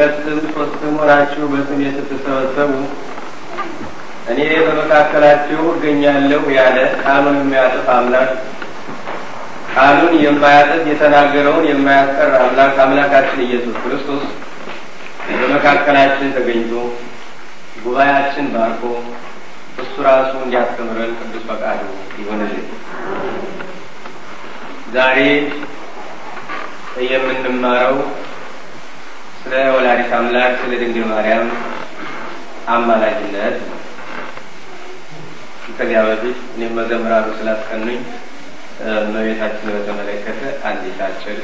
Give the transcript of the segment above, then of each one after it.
ሁለት ሕዝብ በስም ሆናችሁ እኔ በመካከላችሁ እገኛለሁ ያለ ቃሉን የሚያጥፍ አምላክ ቃሉን የማያጥፍ የተናገረውን የማያስቀር አምላክ አምላካችን ኢየሱስ ክርስቶስ በመካከላችን ተገኝቶ ጉባኤያችን ባርኮ እሱ ራሱ እንዲያስተምረን ቅዱስ ፈቃዱ ይሆንልን። ዛሬ የምንማረው ለወላዲት አምላክ ለድንግል ማርያም አማላጅነት ከዚያ በፊት እኔም መዘምራሉ ስላስቀኑኝ መቤታችን በተመለከተ አንዲት አጭር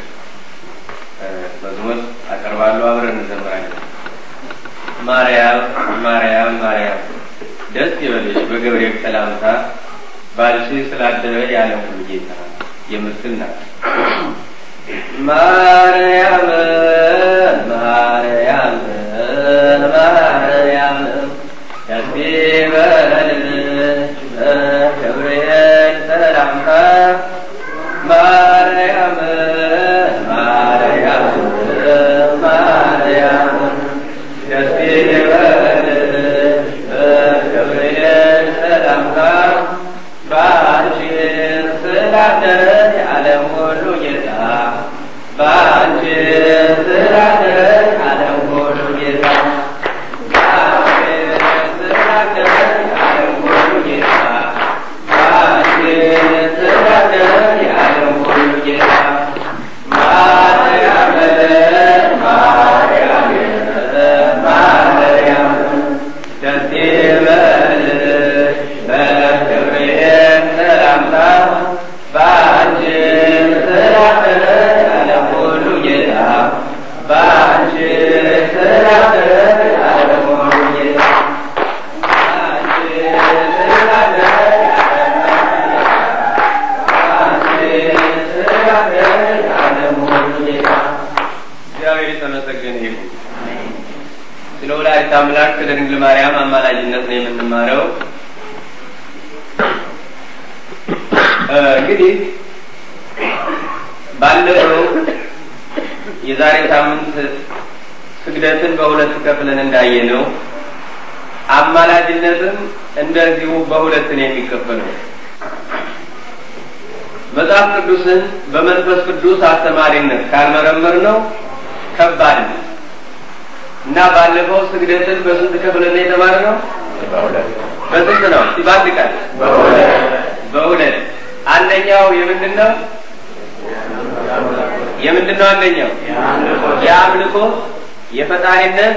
መዝሙር አቀርባለሁ። አብረን እንዘምራለን። ማርያም ማርያም ማርያም ደስ ይበልሽ በገብርኤል ሰላምታ ባልሽ ስላደረ የዓለም ሁሉ ጌታ የምስል ናት ማርያም ማርያም ማርያም ከፍለን ነው አማላጅነትም እንደዚሁ በሁለት ነው የሚከፈለው። መጽሐፍ ቅዱስን በመንፈስ ቅዱስ አስተማሪነት ካልመረመር ነው ከባድ ነው እና ባለፈው ስግደትን በስንት የተማር ነው በስንት ነው? በአንድ በሁለት። አንደኛው የምንድን ነው? የምንድን ነው አንደኛው? የአምልኮ የፈጣሪነት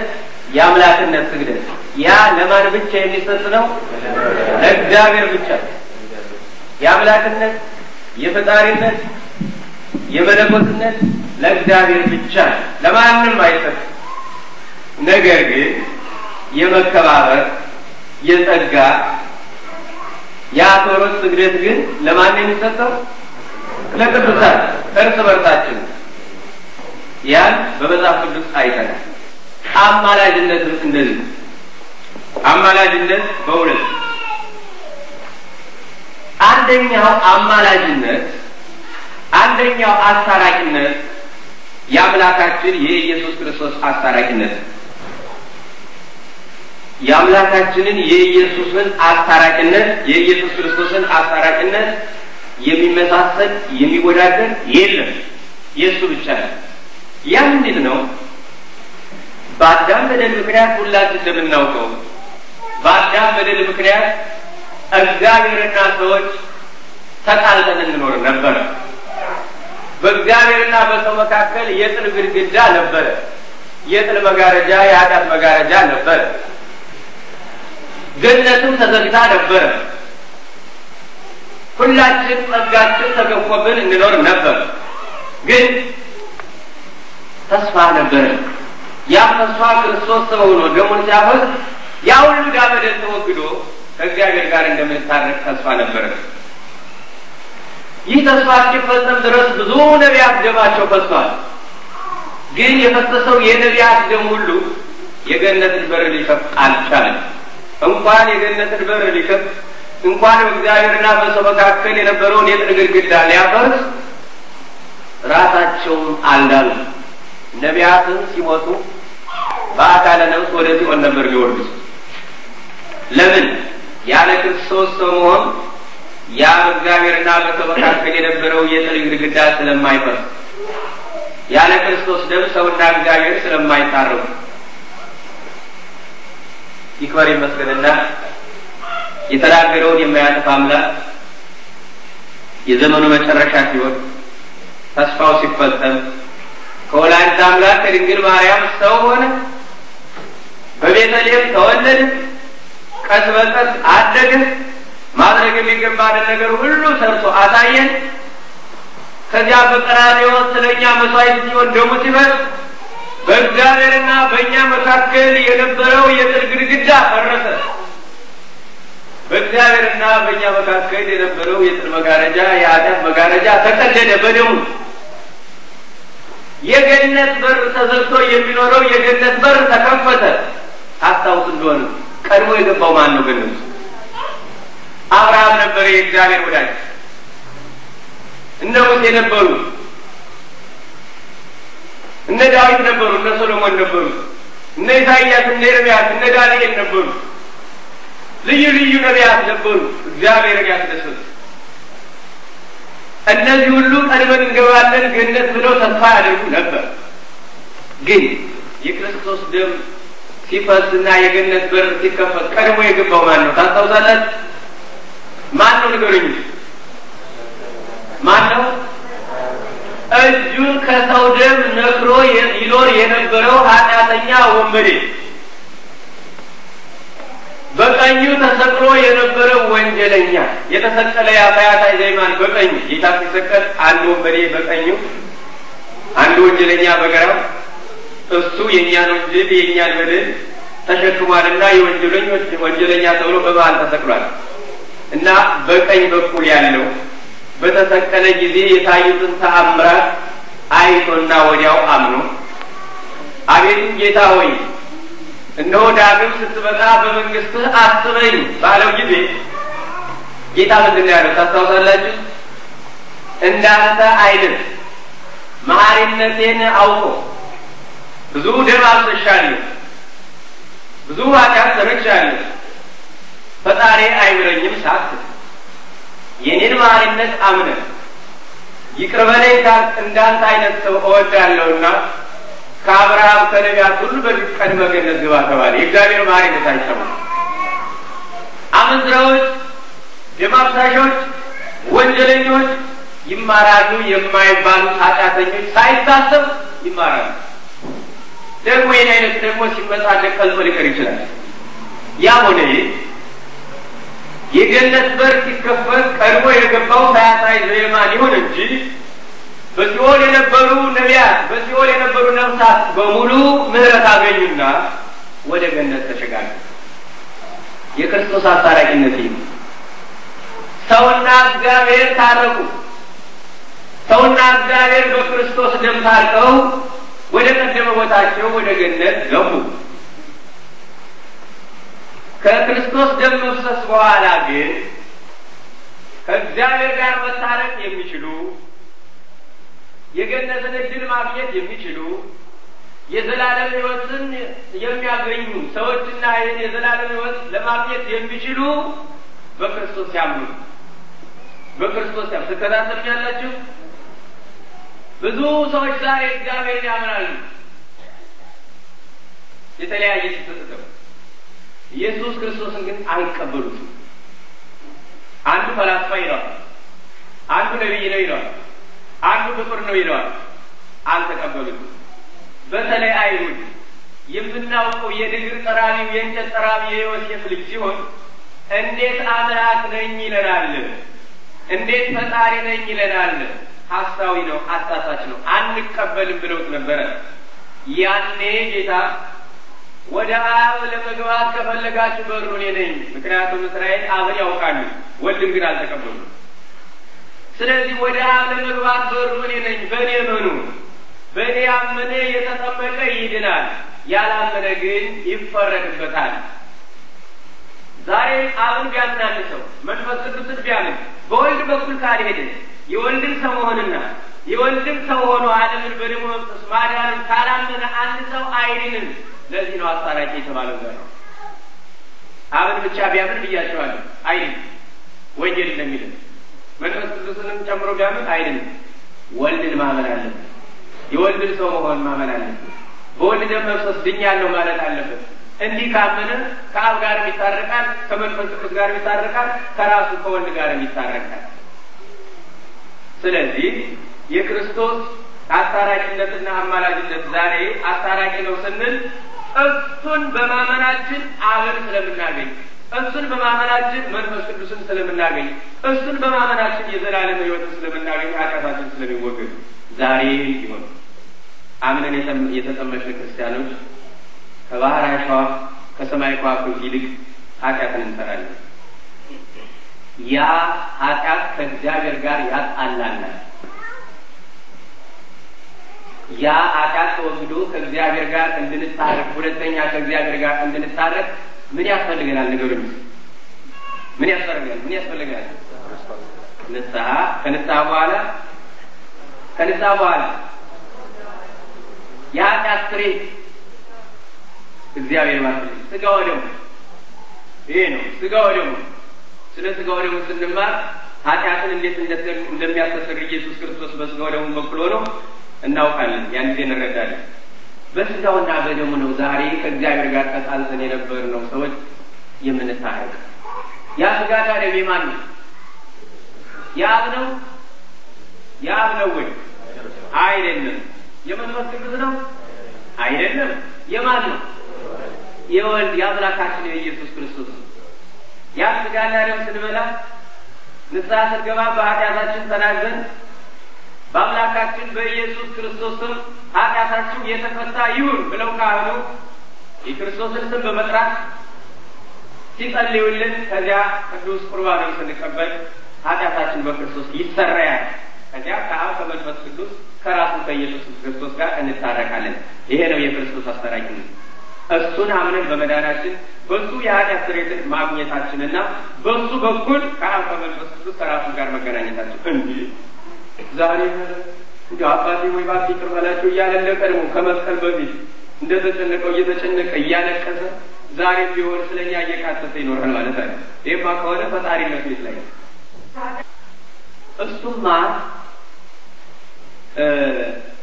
የአምላክነት ስግደት ያ ለማን ብቻ የሚሰጥ ነው? ለእግዚአብሔር ብቻ። የአምላክነት የፈጣሪነት የመለኮትነት ለእግዚአብሔር ብቻ ነው፣ ለማንም አይሰጥ። ነገር ግን የመከባበር የጸጋ የአክብሮት ስግደት ግን ለማን የሚሰጠው? ለቅዱሳን እርስ በርሳችን። ያን በመጽሐፍ ቅዱስ አይተናል። አማላጅነትም እንደዚህ ነው። አማላጅነት በእውነት አንደኛው አማላጅነት አንደኛው አስታራቂነት የአምላካችን የኢየሱስ ክርስቶስ አስታራቂነት የአምላካችንን የኢየሱስን አስታራቂነት የኢየሱስ ክርስቶስን አስታራቂነት የሚመሳሰል የሚወዳደር የለም፣ የእሱ ብቻ ነው። ያ ምንድን ነው? በአዳም በደል ምክንያት ሁላችን እንደምናውቀው በአዳም በደል ምክንያት እግዚአብሔርና ሰዎች ተጣልተን እንኖር ነበረ። በእግዚአብሔርና በሰው መካከል የጥል ግድግዳ ነበረ። የጥል መጋረጃ፣ የኃጢአት መጋረጃ ነበረ። ገነትም ተዘግታ ነበረ። ሁላችን ጸጋችን ተገፎብን እንኖር ነበር። ግን ተስፋ ነበረ። ያፈሷ ክርስቶስ ሰው ሆኖ ደሙን ሲያፈስ ያ ሁሉ ዕዳ በደል ተወግዶ ከእግዚአብሔር ጋር እንደምንታረቅ ተስፋ ነበረ። ይህ ተስፋ እስኪፈጸም ድረስ ብዙ ነቢያት ደማቸው ፈሷል። ግን የፈሰሰው የነቢያት ደም ሁሉ የገነትን በር ሊከፍት አልቻለም። እንኳን የገነትን በር ሊከፍት እንኳን በእግዚአብሔርና በሰው መካከል የነበረውን የጥል ግድግዳ ሊያፈርስ ራሳቸውን አልዳሉ። ነቢያትን ሲሞቱ በአካለ ነብስ ወደ ሲኦል ነበር የሚወርዱት። ለምን? ያለ ክርስቶስ ሰው መሆን ያ በእግዚአብሔርና በሰው መካከል የነበረው የጥል ግድግዳ ስለማይፈርስ፣ ያለ ክርስቶስ ደም ሰውና እግዚአብሔር ስለማይታረሙ ይክበር ይመስገንና የተናገረውን የማያጠፍ አምላክ የዘመኑ መጨረሻ ሲሆን ተስፋው ሲፈጸም ከወላዲተ አምላክ ከድንግል ማርያም ሰው ሆነ። በቤተልሔም ተወለደ። ቀስ በቀስ አደገ። ማድረግ የሚገባንን ነገር ሁሉ ሰርቶ አሳየን። ከዚያ በቀራንዮ ስለ እኛ መስዋዕት ሲሆን ደሙ ሲፈስ በእግዚአብሔርና በእኛ መካከል የነበረው የጥል ግድግዳ ፈረሰ። በእግዚአብሔርና በእኛ መካከል የነበረው የጥል መጋረጃ፣ የአዳም መጋረጃ ተቀደደ በደሙ የገነት በር ተዘግቶ የሚኖረው የገነት በር ተከፈተ። ታስታውስ እንደሆነ ቀድሞ የገባው ማን ነው? ገነት አብርሃም ነበር፣ የእግዚአብሔር ወዳጅ እነ ሙሴ ነበሩ፣ እነ ዳዊት ነበሩ፣ እነ ሶሎሞን ነበሩ፣ እነ ኢሳይያስ፣ እነ ኤርምያስ፣ እነ ዳንኤል ነበሩ። ልዩ ልዩ ነቢያት ነበሩ እግዚአብሔር ያስደሰቱ እነዚህ ሁሉ ቀድመን እንገባለን ገነት ብለው ተስፋ ያደርጉ ነበር። ግን የክርስቶስ ደም ሲፈስ ና የገነት በር ሲከፈት ቀድሞ የገባው ማን ነው? ታስታውሳላችሁ? ማን ነው ንገሩኝ። ማን ነው? እጁን ከሰው ደም ነክሮ ይኖር የነበረው ኃጢአተኛ ወንበዴ በቀኙ ተሰቅሎ የነበረው ወንጀለኛ የተሰቀለ የአባያታይ ዘይማን በቀኙ ጌታ ሲሰቀል አንድ ወንበዴ በቀኙ አንድ ወንጀለኛ በግራው እሱ የእኛን ወንጀል የእኛን በደል ተሸክሟልና የወንጀለኞች ወንጀለኛ ተብሎ በመሀል ተሰቅሏል እና በቀኝ በኩል ያለው በተሰቀለ ጊዜ የታዩትን ተአምራት አይቶና ወዲያው አምኖ አቤቱ ጌታ ሆይ እነሆ ዳግም ስትመጣ በመንግስትህ አስበኝ ባለው ጊዜ ጌታ ምንድን ነው ያለው ታስታውሳላችሁ? እንዳንተ አይነት መሀሪነቴን አውቆ ብዙ ደም አብሰሻለሁ፣ ብዙ ኃጢአት ሰርቻለሁ፣ ፈጣሪ አይምረኝም ሳት የኔን መሀሪነት አምነህ ይቅር በለኝ እንዳንተ አይነት ሰው እወዳለሁና ከአብርሃም ከነቢያት ሁሉ በፊት ቀድመ ገነት ግባ ተባለ። የእግዚአብሔር መሐሪነት አይሰማ። አመንዝራዎች፣ ደም አፍሳሾች፣ ወንጀለኞች ይማራሉ። የማይባሉ ኃጢአተኞች ሳይታሰብ ይማራሉ። ደግሞ ይህን አይነት ደግሞ ሲመጻደቅ ቀልጦ ሊቀር ይችላል። ያም ሆነ ይህ የገነት በር ሲከፈት ቀድሞ የገባው ሳያሳይ ዘየማን ይሁን እንጂ በሲኦል የነበሩ ነቢያት፣ በሲኦል የነበሩ ነፍሳት በሙሉ ምህረት አገኙና ወደ ገነት ተሸጋገሩ። የክርስቶስ አስታራቂነት ነው። ሰውና እግዚአብሔር ታረቁ። ሰውና እግዚአብሔር በክርስቶስ ደም ታርቀው ወደ ቀደመ ቦታቸው ወደ ገነት ገቡ። ከክርስቶስ ደም መፍሰስ በኋላ ግን ከእግዚአብሔር ጋር መታረቅ የሚችሉ የገነትን እድል ማግኘት የሚችሉ የዘላለም ህይወትን የሚያገኙ ሰዎችና ይህን የዘላለም ህይወት ለማግኘት የሚችሉ በክርስቶስ ያምኑ በክርስቶስ ያም ያላችሁ ብዙ ሰዎች ዛሬ እግዚአብሔርን ያምናሉ። የተለያየ ሲተጠቀሙ ኢየሱስ ክርስቶስን ግን አይቀበሉትም። አንዱ ፈላስፋ ይለዋል፣ አንዱ ነቢይ ነው ይለዋል አንዱ ፍጡር ነው ይለዋል። አልተቀበሉም። በተለይ አይሁድ የምናውቀው የድግር ጠራቢው የእንጨት ጠራቢ የዮሴፍ ልጅ ሲሆን እንዴት አምላክ ነኝ ይለናል፣ እንዴት ፈጣሪ ነኝ ይለናል። ሀሳዊ ነው፣ አሳሳች ነው፣ አንቀበልም ብለውት ነበረ። ያኔ ጌታ ወደ አብ ለመግባት ከፈለጋችሁ በሩ እኔ ነኝ፣ ምክንያቱም እስራኤል አብን ያውቃሉ፣ ወልድም ግን አልተቀበሉም። ስለዚህ ወደ አብ ለመግባት በሩ እኔ ነኝ። በእኔ መኑ በእኔ ያመነ የተጠመቀ ይድናል፣ ያላመነ ግን ይፈረድበታል። ዛሬ አብን ሰው መንፈስ ቅዱስን ቢያምን በወልድ በኩል ካልሄደ የወልድም ሰው መሆንና የወልድም ሰው ሆኖ ዓለምን በደሙ መቅሰስ ማዳንም ካላመነ አንድ ሰው አይድንም። ለዚህ ነው አስታራቂ የተባለው ነው። አብን ብቻ ቢያምን ብያቸዋለሁ አይድን ወንጀል እንደሚልም መንፈስ ቅዱስንም ጨምሮ ቢያመት አይድንም። ወልድን ማመን አለበት። የወልድን ሰው መሆን ማመን አለበት። በወልድ ደም መፍሰስ ድኛለሁ ማለት አለበት። እንዲህ ካመነ ከአብ ጋርም ይታረቃል፣ ከመንፈስ ቅዱስ ጋርም ይታረቃል፣ ከራሱ ከወልድ ጋርም ይታረቃል። ስለዚህ የክርስቶስ አስታራቂነትና አማላጅነት ዛሬ አስታራቂ ነው ስንል እሱን በማመናችን አብን ስለምናገኝ እሱን በማመናችን መንፈስ ቅዱስን ስለምናገኝ እሱን በማመናችን የዘላለም ህይወትን ስለምናገኝ ኃጢአታችን ስለሚወገድ ዛሬ ይሆን አምነን የተጠመቅን ክርስቲያኖች ከባህር አሸዋ ከሰማይ ከዋክብት ይልቅ ኃጢአትን እንሰራለን። ያ ኃጢአት ከእግዚአብሔር ጋር ያጣላናል። ያ ኃጢአት ተወስዶ ከእግዚአብሔር ጋር እንድንታረቅ፣ ሁለተኛ ከእግዚአብሔር ጋር እንድንታረቅ ምን ያስፈልገናል? ንገሩኝ። ምን ያስፈልገናል? ምን ያስፈልገናል? ንስሐ። ከንስሐ በኋላ ከንስሐ በኋላ የኃጢአት ስርየት እግዚአብሔር ማለት ነው። ስጋ ወደሙ ይሄ ነው። ስጋ ወደሙ ስለ ስጋ ወደሙ ስንማር ኃጢአትን እንዴት እንደሚያስተሰርይ ኢየሱስ ክርስቶስ በስጋ ወደሙ በኩል ሆኖ እናውቃለን። ያን ጊዜ እንረዳለን። በስጋውና በደሙ ነው ዛሬ ከእግዚአብሔር ጋር ተሳልሰን የነበር ነው ሰዎች የምንታረቅ። ያ ስጋና ደም የማን ነው? የአብ ነው? የአብ ነው ወይ? አይደለም። የመንፈስ ቅዱስ ነው? አይደለም። የማን ነው? የወልድ የአምላካችን የኢየሱስ ክርስቶስ ነው። ያ ስጋና ደም ስንበላ ንስሐ ስንገባ በኃጢአታችን ተናዘን በአምላካችን በኢየሱስ ክርስቶስ ኃጢአታችሁ የተፈታ ይሁን ብለው ካህኑ የክርስቶስን ስም በመጥራት ሲጸልዩልን ከዚያ ቅዱስ ቁርባኑን ስንቀበል ኃጢአታችን በክርስቶስ ይሰረያል። ከዚያ ከአብ ከመንፈስ ቅዱስ ከራሱ ከኢየሱስ ክርስቶስ ጋር እንታረቃለን። ይሄ ነው የክርስቶስ አስተራቂነት። እሱን አምነን በመዳናችን በሱ የኃጢአት ስርየትን ማግኘታችንና በሱ በኩል ከአብ ከመንፈስ ቅዱስ ከራሱ ጋር መገናኘታችን እንጂ ዛሬ እንዲ አባቴ ወይ ባት ይቅር በላቸው እያለ ከመስቀል በፊት እንደ ተጨነቀው እየተጨነቀ እያለቀሰ ዛሬ ቢሆን ስለ እኛ እየካተተ ይኖራል ማለት አለ። ይህማ ከሆነ ፈጣሪነት ቤት ላይ እሱማ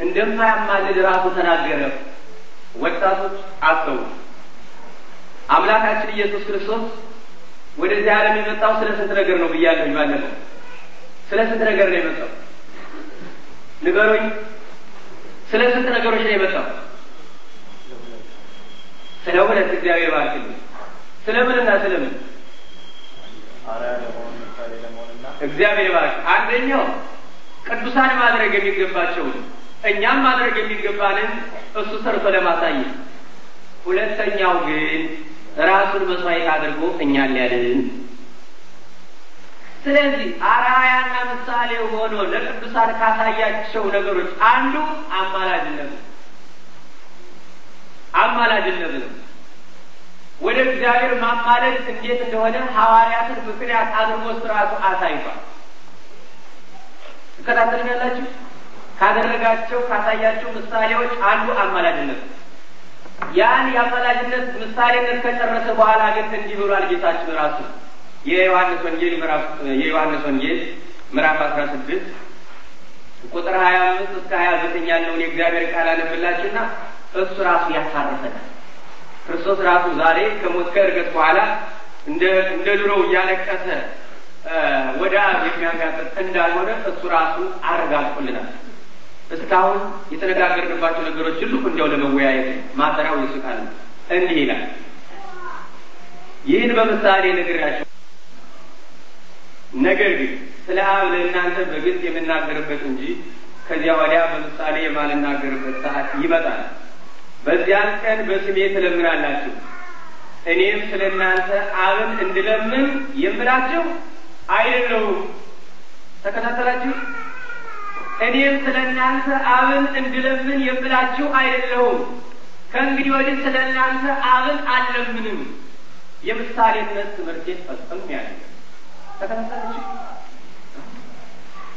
እንደማያማልድ ራሱ ተናገረ። ወጣቶች አስተው አምላካችን ኢየሱስ ክርስቶስ ወደዚህ ዓለም የመጣው ስለ ስንት ነገር ነው ብያለሁ ባለፈው። ስለ ስንት ነገር ነው የመጣው? ንገሩኝ። ስለ ስንት ነገሮች ነው የመጣው? ስለ ሁለት እግዚአብሔር ባልክል ስለ ስለምን እግዚአብሔር ባርክ። አንደኛው ቅዱሳን ማድረግ የሚገባቸውን እኛም ማድረግ የሚገባንን እሱ ሰርቶ ለማሳየት፣ ሁለተኛው ግን ራሱን መስዋዕት አድርጎ እኛን ሊያድን ስለዚህ አርአያና ምሳሌ ሆኖ ለቅዱሳን ካሳያቸው ነገሮች አንዱ አማላጅነት አማላጅነት ነው። ወደ እግዚአብሔር ማማለድ እንዴት እንደሆነ ሐዋርያትን ምክንያት አድርጎ ስራቱ አሳይቷል። ትከታተሉኛላችሁ። ካደረጋቸው ካሳያቸው ምሳሌዎች አንዱ አማላጅነት ያን የአማላጅነት ምሳሌነት ከጨረሰ በኋላ ግን እንዲህ ብሏል ጌታችን ራሱ የዮሐንስ ወንጌል ምዕራፍ የዮሐንስ ወንጌል ምዕራፍ አስራ ስድስት ቁጥር ሀያ አምስት እስከ ሀያ ዘጠኝ ያለውን የእግዚአብሔር ቃል አነብላችሁና እሱ ራሱ ያሳርፈናል። ክርስቶስ ራሱ ዛሬ ከሞት ከእርገት በኋላ እንደ ድሮው እያለቀሰ ወደ አብ የሚያጋጥጥ እንዳልሆነ እሱ ራሱ አረጋግጦልናል። እስካሁን የተነጋገርንባቸው ነገሮች ሁሉ እንዲያው ለመወያየት ማጠሪያው ይስቃል። እንዲህ ይላል፣ ይህን በምሳሌ ነግሬያቸው ነገር ግን ስለ አብ ለእናንተ በግልጽ የምናገርበት እንጂ ከዚያ ወዲያ በምሳሌ የማልናገርበት ሰዓት ይመጣል። በዚያን ቀን በስሜ ትለምናላችሁ፣ እኔም ስለ እናንተ አብን እንድለምን የምላችሁ አይደለሁም። ተከታተላችሁ? እኔም ስለ እናንተ አብን እንድለምን የምላችሁ አይደለሁም። ከእንግዲህ ወዲህ ስለ እናንተ አብን አልለምንም። የምሳሌነት ትምህርቴን ፈጽም ያለ ተከታተላችሁ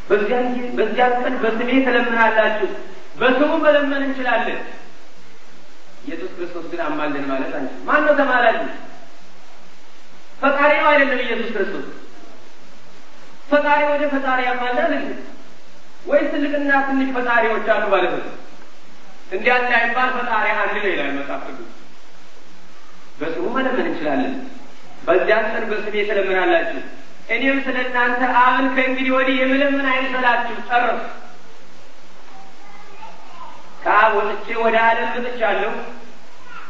በዚያን ጊዜ በዚያን ቀን በስሜ ትለምናላችሁ፣ በስሙ መለመን እንችላለን። ኢየሱስ ክርስቶስ ግን አማልን ማለት አንቺ ማን ነው ተማላጅ? ፈጣሪ ነው አይደለም? ኢየሱስ ክርስቶስ ፈጣሪ ወደ ፈጣሪ ያማላል እንዴ? ወይስ ትልቅና ትንሽ ፈጣሪዎች አሉ ማለት ነው? እንዲያ እንዳይባል ፈጣሪ አንድ ነው ይላል መጽሐፍ ቅዱስ። በስሙ መለመን እንችላለን። በዚያን ቀን በስሜ ትለምናላችሁ እኔም ስለ እናንተ አብን ከእንግዲህ ወዲህ የምለምን አይምሰላችሁ ጨረሱ። ከአብ ወጥቼ ወደ ዓለም ብጥቻለሁ፣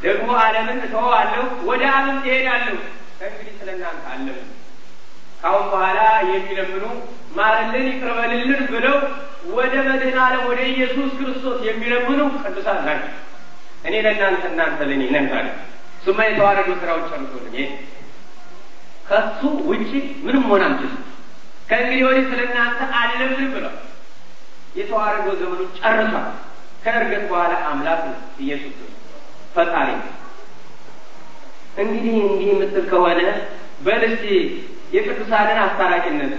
ደግሞ ዓለምን እተወዋለሁ፣ ወደ አብም ትሄዳለሁ። ከእንግዲህ ስለ እናንተ አለም ካሁን በኋላ የሚለምኑ ማረልን፣ ይቅርበልልን ብለው ወደ መድህን ዓለም ወደ ኢየሱስ ክርስቶስ የሚለምኑ ቅዱሳት ናቸው። እኔ ለእናንተ እናንተ ለእኔ ነንታለ ማለት ስማ የተዋረዱ ስራዎች ጨምሶልን ከሱ ውጭ ምንም መሆን አንችልም። ከእንግዲህ ወዲህ ስለ እናንተ አልልም ብለው የተዋረገው ዘመኑ ጨርሷል። ከእርገት በኋላ አምላክ ነው ኢየሱስ ፈጣሪ ነው። እንግዲህ እንዲህ የምትል ከሆነ በልስቲ የቅዱሳንን አስታራቂነት፣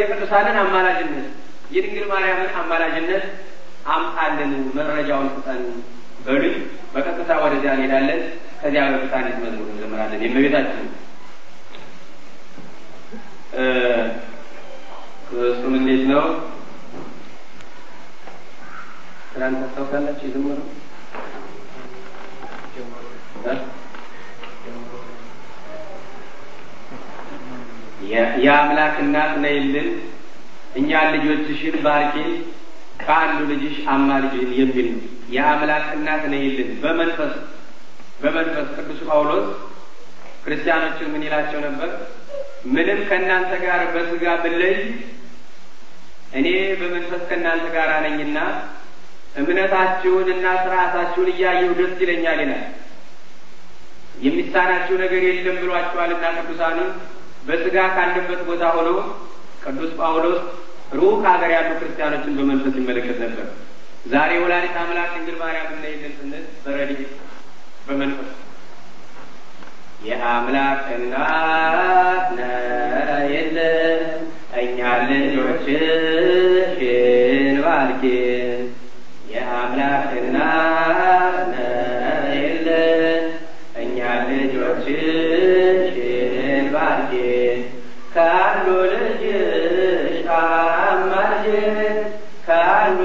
የቅዱሳንን አማላጅነት፣ የድንግል ማርያምን አማላጅነት አምጣልን፣ መረጃውን ስጠን በሉኝ። በቀጥታ ወደዚያ እንሄዳለን። ከዚያ በፍጣን መዝሙር እንዘምራለን የእመቤታችን እሱም እንዴት ነው? ትናንት ታስታውሳላችሁ? የዘመሩ የአምላክ እናት ነይልን እኛን ልጆችሽን ባርኪን ከአንዱ ልጅሽ አማልጅን የሚል የአምላክ እናት ነይልን በመንፈስ በመንፈስ ቅዱስ ጳውሎስ ክርስቲያኖችን ምን ይላቸው ነበር? ምንም ከእናንተ ጋር በስጋ ብለይ እኔ በመንፈስ ከእናንተ ጋር ነኝና እምነታችሁንና ስርዓታችሁን እያየሁ ደስ ይለኛል ይላል። የሚሳናችሁ ነገር የለም ብሏችኋልና ቅዱሳኑ በስጋ ካለበት ቦታ ሆኖ ቅዱስ ጳውሎስ ሩቅ ሀገር ያሉ ክርስቲያኖችን በመንፈስ ይመለከት ነበር። ዛሬ ወላዲተ አምላክ ድንግል ማርያም እናይልን ስንል በረድኤት በመንፈስ የአምላክ እናት እኛ ልጆችሽን ባርኪ የአምላክ እናት ነይል እኛ ልጆችሽን ከአንዱ ልጅሽ ከአንዱ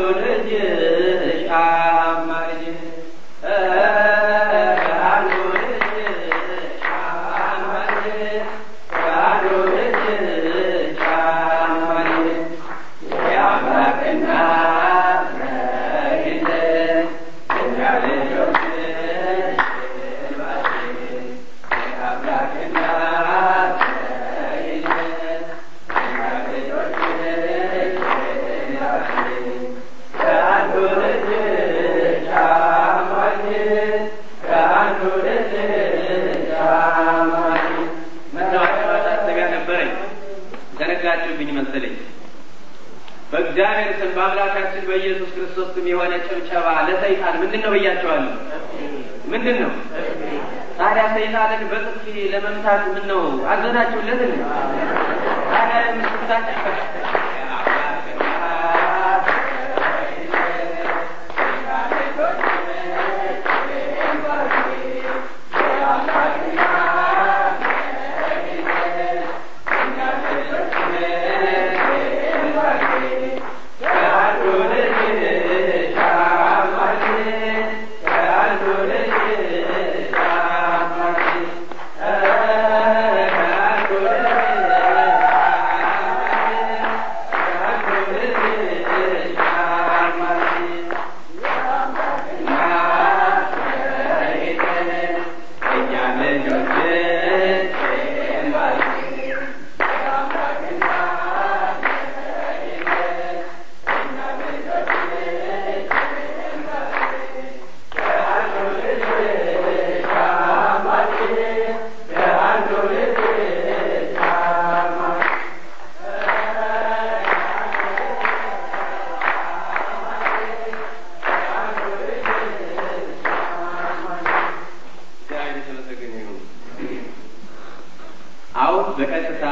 አሁን በቀጥታ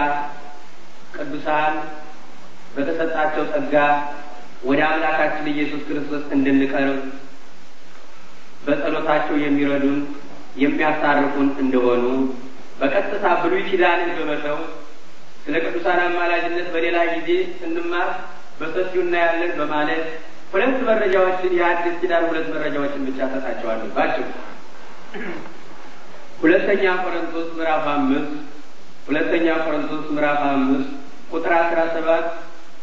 ቅዱሳን በተሰጣቸው ጸጋ ወደ አምላካችን ኢየሱስ ክርስቶስ እንድንቀርብ በጸሎታቸው የሚረዱን የሚያሳርፉን እንደሆኑ በቀጥታ ብሉይ ኪዳንን በመተው ስለ ቅዱሳን አማላጅነት በሌላ ጊዜ ስንማር በሰፊው እናያለን በማለት ሁለት መረጃዎችን የአዲስ ኪዳን ሁለት መረጃዎችን ብቻ ሰጣቸዋለሁ ባቸው ሁለተኛ ቆሮንቶስ ምዕራፍ አምስት ሁለተኛ ቆሮንቶስ ምዕራፍ አምስት ቁጥር አስራ ሰባት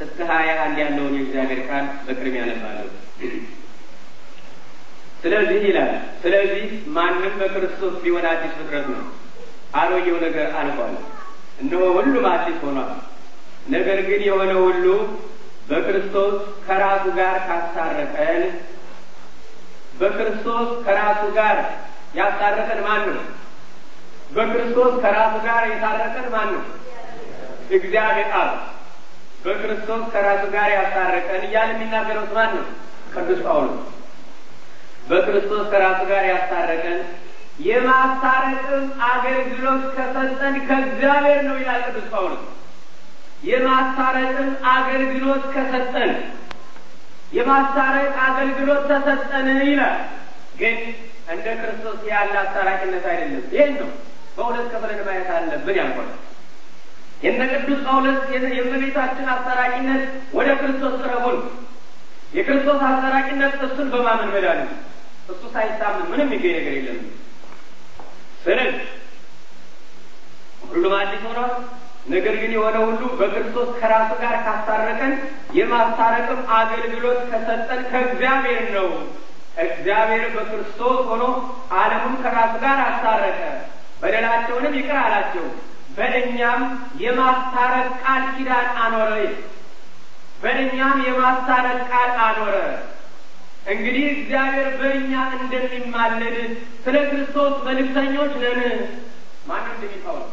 እስከ ሀያ አንድ ያለውን የእግዚአብሔር ቃል በቅድም ያነባለሁ። ስለዚህ ይላል፣ ስለዚህ ማንም በክርስቶስ ቢሆን አዲስ ፍጥረት ነው፣ አሮጌው ነገር አልፏል፣ እነሆ ሁሉም አዲስ ሆኗል። ነገር ግን የሆነ ሁሉ በክርስቶስ ከራሱ ጋር ካስታረቀን፣ በክርስቶስ ከራሱ ጋር ያስታረቀን ማን ነው? በክርስቶስ ከራሱ ጋር የታረቀን ማን ነው? እግዚአብሔር አብ። በክርስቶስ ከራሱ ጋር ያስታረቀን እያለ የሚናገረው ማን ነው? ቅዱስ ጳውሎስ። በክርስቶስ ከራሱ ጋር ያስታረቀን የማስታረቅም አገልግሎት ከሰጠን ከእግዚአብሔር ነው ይላል ቅዱስ ጳውሎስ። የማስታረቅም አገልግሎት ከሰጠን የማስታረቅ አገልግሎት ተሰጠን ይላል። ግን እንደ ክርስቶስ ያለ አስታራቂነት አይደለም። ይህን ነው በሁለት ከፍለን ማየት አለብን ያልኳል። የነ ቅዱስ ጳውሎስ የእመቤታችን አሰራቂነት ወደ ክርስቶስ ቅረቡን የክርስቶስ አሰራቂነት እሱን በማመን መዳን እሱ ሳይታመን ምንም የሚገኝ ነገር የለም ስንል ሁሉም አዲስ ሆኗል። ነገር ግን የሆነ ሁሉ በክርስቶስ ከራሱ ጋር ካስታረቀን የማስታረቅም አገልግሎት ከሰጠን ከእግዚአብሔር ነው። እግዚአብሔር በክርስቶስ ሆኖ ዓለሙን ከራሱ ጋር አስታረቀ። በደላቸውንም ይቅር አላቸው፣ በእኛም የማስታረቅ ቃል ኪዳን አኖረ። በእኛም የማስታረቅ ቃል አኖረ። እንግዲህ እግዚአብሔር በእኛ እንደሚማለድ ስለ ክርስቶስ መልእክተኞች ነን። ማንም እንደሚጳውሎስ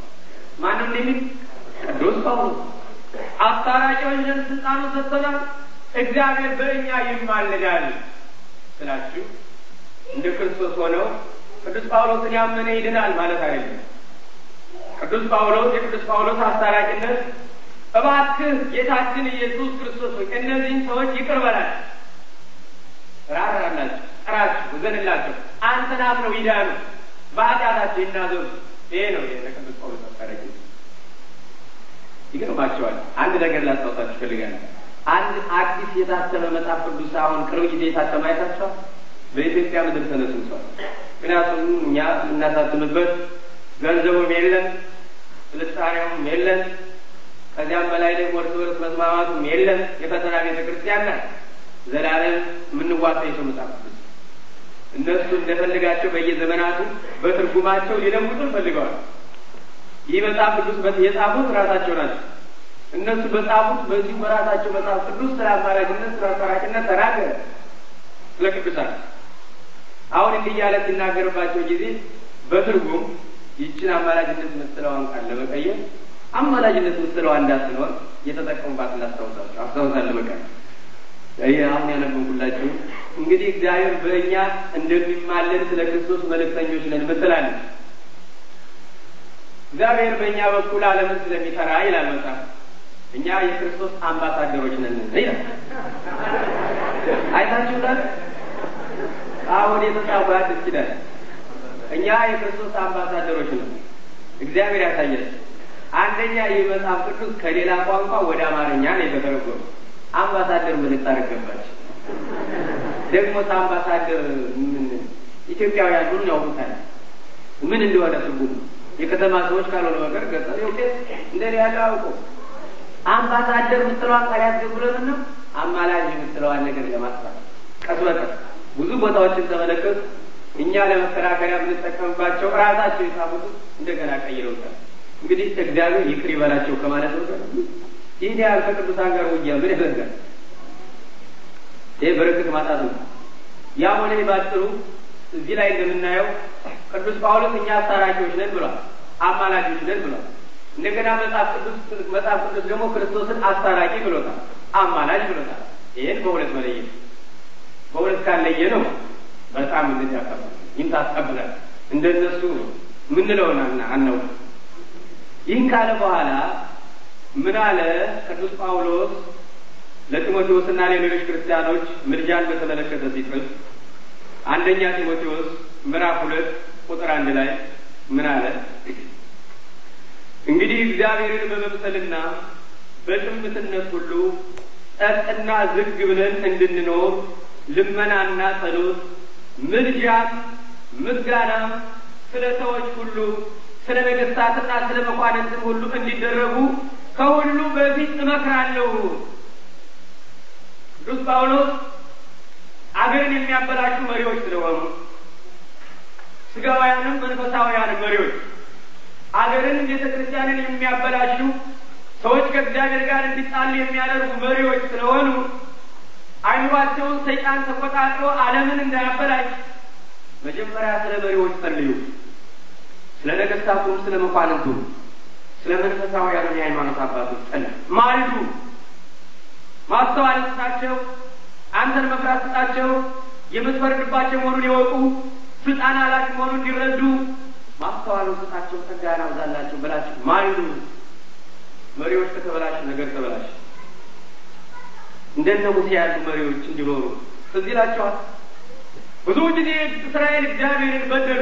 ማንም እንደሚ ቅዱስ ጳውሎስ አስታራቂዎች ነን፣ ስልጣኑ ሰጥተናል። እግዚአብሔር በእኛ ይማልዳል ስላችሁ እንደ ክርስቶስ ሆነው ቅዱስ ጳውሎስን ያመነ ይድናል ማለት አይደለም። ቅዱስ ጳውሎስ የቅዱስ ጳውሎስ አስታራቂነት እባክህ ጌታችን ኢየሱስ ክርስቶስ ሆይ እነዚህን ሰዎች ይቅር በላቸው፣ ራራላቸው፣ ጥራቸው፣ እዘንላቸው፣ አንተን አምነው ይዳኑ፣ በኃጢአታቸው ይናዘዙ። ይሄ ነው የቅዱስ ጳውሎስ አስታራቂ። ይገርማቸዋል። አንድ ነገር ላስታውሳችሁ ይፈልጋል። አንድ አዲስ የታተመ መጽሐፍ ቅዱስ አሁን ቅርብ ጊዜ የታተመ አይታችኋል? በኢትዮጵያ ምድር ተነስንሷል። ምክንያቱም እኛ የምናሳስብበት ገንዘቡም የለን፣ ስልጣኔውም የለን፣ ከዚያም በላይ ደግሞ እርስ በርስ መስማማቱም የለን። የፈተና ቤተ ክርስቲያን ናት። ዘላለም የምንዋሰኝ የሰው መጽሐፍ እነሱ እንደፈልጋቸው በየዘመናቱ በትርጉማቸው ሊለውጡን ፈልገዋል። ይህ መጽሐፍ ቅዱስ የጻፉት ራሳቸው ናቸው። እነሱ በጻፉት በዚሁ በራሳቸው መጽሐፍ ቅዱስ ስለ አማራጭነት ስለ አማራጭነት ተናገረ ስለ ቅዱሳን አሁን እንዲህ እያለ ሲናገርባቸው ጊዜ በትርጉም ይችን አማላጅነት ምትለዋን ቃል ለመቀየር አማላጅነት ምትለዋ እንዳትኖር የተጠቀሙባት እናስታውሳቸው አስታውሳለሁ። በቃ ይህ አሁን ያነበብኩላችሁ እንግዲህ እግዚአብሔር በእኛ እንደሚማለን ስለ ክርስቶስ መልእክተኞች ነን ምትላለች። እግዚአብሔር በእኛ በኩል ዓለምን ስለሚሰራ ይላል መጽሐፍ እኛ የክርስቶስ አምባሳደሮች ነን ይላል። አይታችሁላል አሁን የተጻፉ አዲስ ኪዳን እኛ የክርስቶስ አምባሳደሮች ነው። እግዚአብሔር ያሳያል። አንደኛ ይህ መጽሐፍ ቅዱስ ከሌላ ቋንቋ ወደ አማርኛ ነው የተተረጎመ። አምባሳደር ምን ገባች። ደግሞ አምባሳደር ምን ኢትዮጵያውያን ሁሉ ያውቁታል ምን እንደሆነ ትርጉሙ የከተማ ሰዎች ካልሆነ በቀር ገጸ ውጤት እንደዚህ ያለ አውቁ። አምባሳደር የምትለዋ ቃል ያስገብለምን ነው አማላጅ የምትለዋን ነገር ለማጥፋት ቀስ በቀስ ብዙ ቦታዎችን ተመለከቱ። እኛ ለመከራከሪያ የምንጠቀምባቸው ራሳቸው የሳሙት እንደገና ቀይረውታል። እንግዲህ እግዚአብሔር ይቅር ይበላቸው ከማለት ነው። ይህን ያህል ከቅዱሳን ጋር ውጊያ ምን ያደርጋል? ይህ በረከት ማጣት ነው። ያ ሆነ ባጭሩ እዚህ ላይ እንደምናየው ቅዱስ ጳውሎስ እኛ አሳራቂዎች ነን ብሏል፣ አማላጆች ነን ብሏል። እንደገና መጽሐፍ ቅዱስ መጽሐፍ ቅዱስ ደግሞ ክርስቶስን አሳራቂ ብሎታል፣ አማላጅ ብሎታል። ይህን በሁለት መለየት በእውነት ካለየ ነው በጣም እንደዚህ ያቀባ ይምታስቀብላል እንደነሱ ምንለውን አናውቅ። ይህን ካለ በኋላ ምን አለ ቅዱስ ጳውሎስ ለጢሞቴዎስና ለሌሎች ክርስቲያኖች ምልጃን በተመለከተ ሲጽፍ አንደኛ ጢሞቴዎስ ምዕራፍ ሁለት ቁጥር አንድ ላይ ምን አለ? እንግዲህ እግዚአብሔርን በመምሰልና በጭምትነት ሁሉ ጸጥና ዝግ ብለን እንድንኖር ልመናና ጸሎት፣ ምልጃም ምስጋናም ስለ ሰዎች ሁሉ ስለ ነገስታትና ስለ መኳንንትም ሁሉ እንዲደረጉ ከሁሉ በፊት እመክራለሁ። ቅዱስ ጳውሎስ አገርን የሚያበላሹ መሪዎች ስለሆኑ ስጋውያንም መንፈሳውያን መሪዎች አገርን ቤተ ክርስቲያንን የሚያበላሹ ሰዎች ከእግዚአብሔር ጋር እንዲጣሉ የሚያደርጉ መሪዎች ስለሆኑ አይምሯቸውን ሰይጣን ተቆጣጥሮ ዓለምን እንዳያበላሽ መጀመሪያ ስለ መሪዎች ጸልዩ። ስለ ነገስታቱም፣ ስለ መኳንንቱ፣ ስለ መንፈሳውያኑም የሃይማኖት አባቶች ጸልዩ። ማልዱ፣ ማስተዋል ስጣቸው፣ አንተን መፍራት ስጣቸው። የምትፈርድባቸው መሆኑን የወቁ ስልጣን ኃላፊ መሆኑን እንዲረዱ ማስተዋል ስጣቸው፣ ጸጋን አብዛላቸው ብላችሁ ማልዱ። መሪዎች ከተበላሽ ነገር ተበላሽ። እንደነ ሙሴ ያሉ መሪዎች እንዲኖሩ እዚህ ይላቸዋል። ብዙ ጊዜ እስራኤል እግዚአብሔርን በደሉ።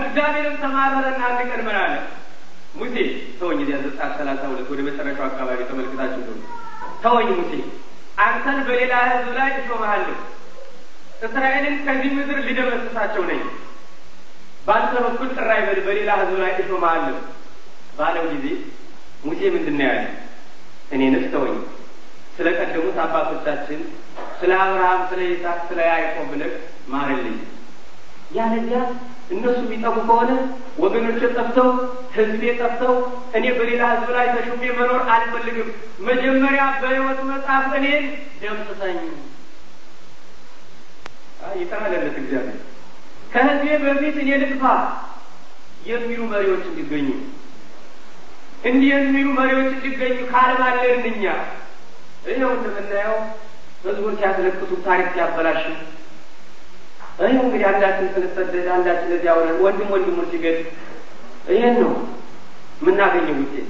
እግዚአብሔርም ተማረረና አንድ ቀን ምን አለ? ሙሴ ተወኝ። ዚያ ዘጸአት ሰላሳ ሁለት ወደ መጨረሻው አካባቢ ተመልክታችሁ ነው። ተወኝ ሙሴ፣ አንተን በሌላ ህዝብ ላይ እሾመሃለሁ። እስራኤልን ከዚህ ምድር ሊደመስሳቸው ነኝ። በአንተ በኩል ጥራይ በል፣ በሌላ ህዝብ ላይ እሾመሃለሁ ባለው ጊዜ ሙሴ ምንድን ነው ያለ? እኔንስ ተወኝ ስለ ቀደሙት አባቶቻችን ስለ አብርሃም፣ ስለ ይስሐቅ፣ ስለ ያዕቆብ ብለህ ማርልኝ። ያለዚያ እነሱ የሚጠፉ ከሆነ ወገኖች ጠፍተው፣ ህዝቤ ጠፍተው፣ እኔ በሌላ ህዝብ ላይ ተሹሜ መኖር አልፈልግም። መጀመሪያ በሕይወት መጽሐፍ እኔን ደምስሰኝ። ይጠራለለት እግዚአብሔር ከህዝቤ በፊት እኔ ልጥፋ የሚሉ መሪዎች እንዲገኙ እንዲህ የሚሉ መሪዎች እንዲገኙ ካልማለርን እኛ እኛው እንደምናየው ህዝቡን ሲያስለቅሱት ታሪክ ሲያበላሽ እኔ እንግዲህ አንዳችን ስንሰደድ አንዳችን እዚያ ሆነን ወንድም ወንድሙን ሲገድ ይህን ነው የምናገኘው ውጤት።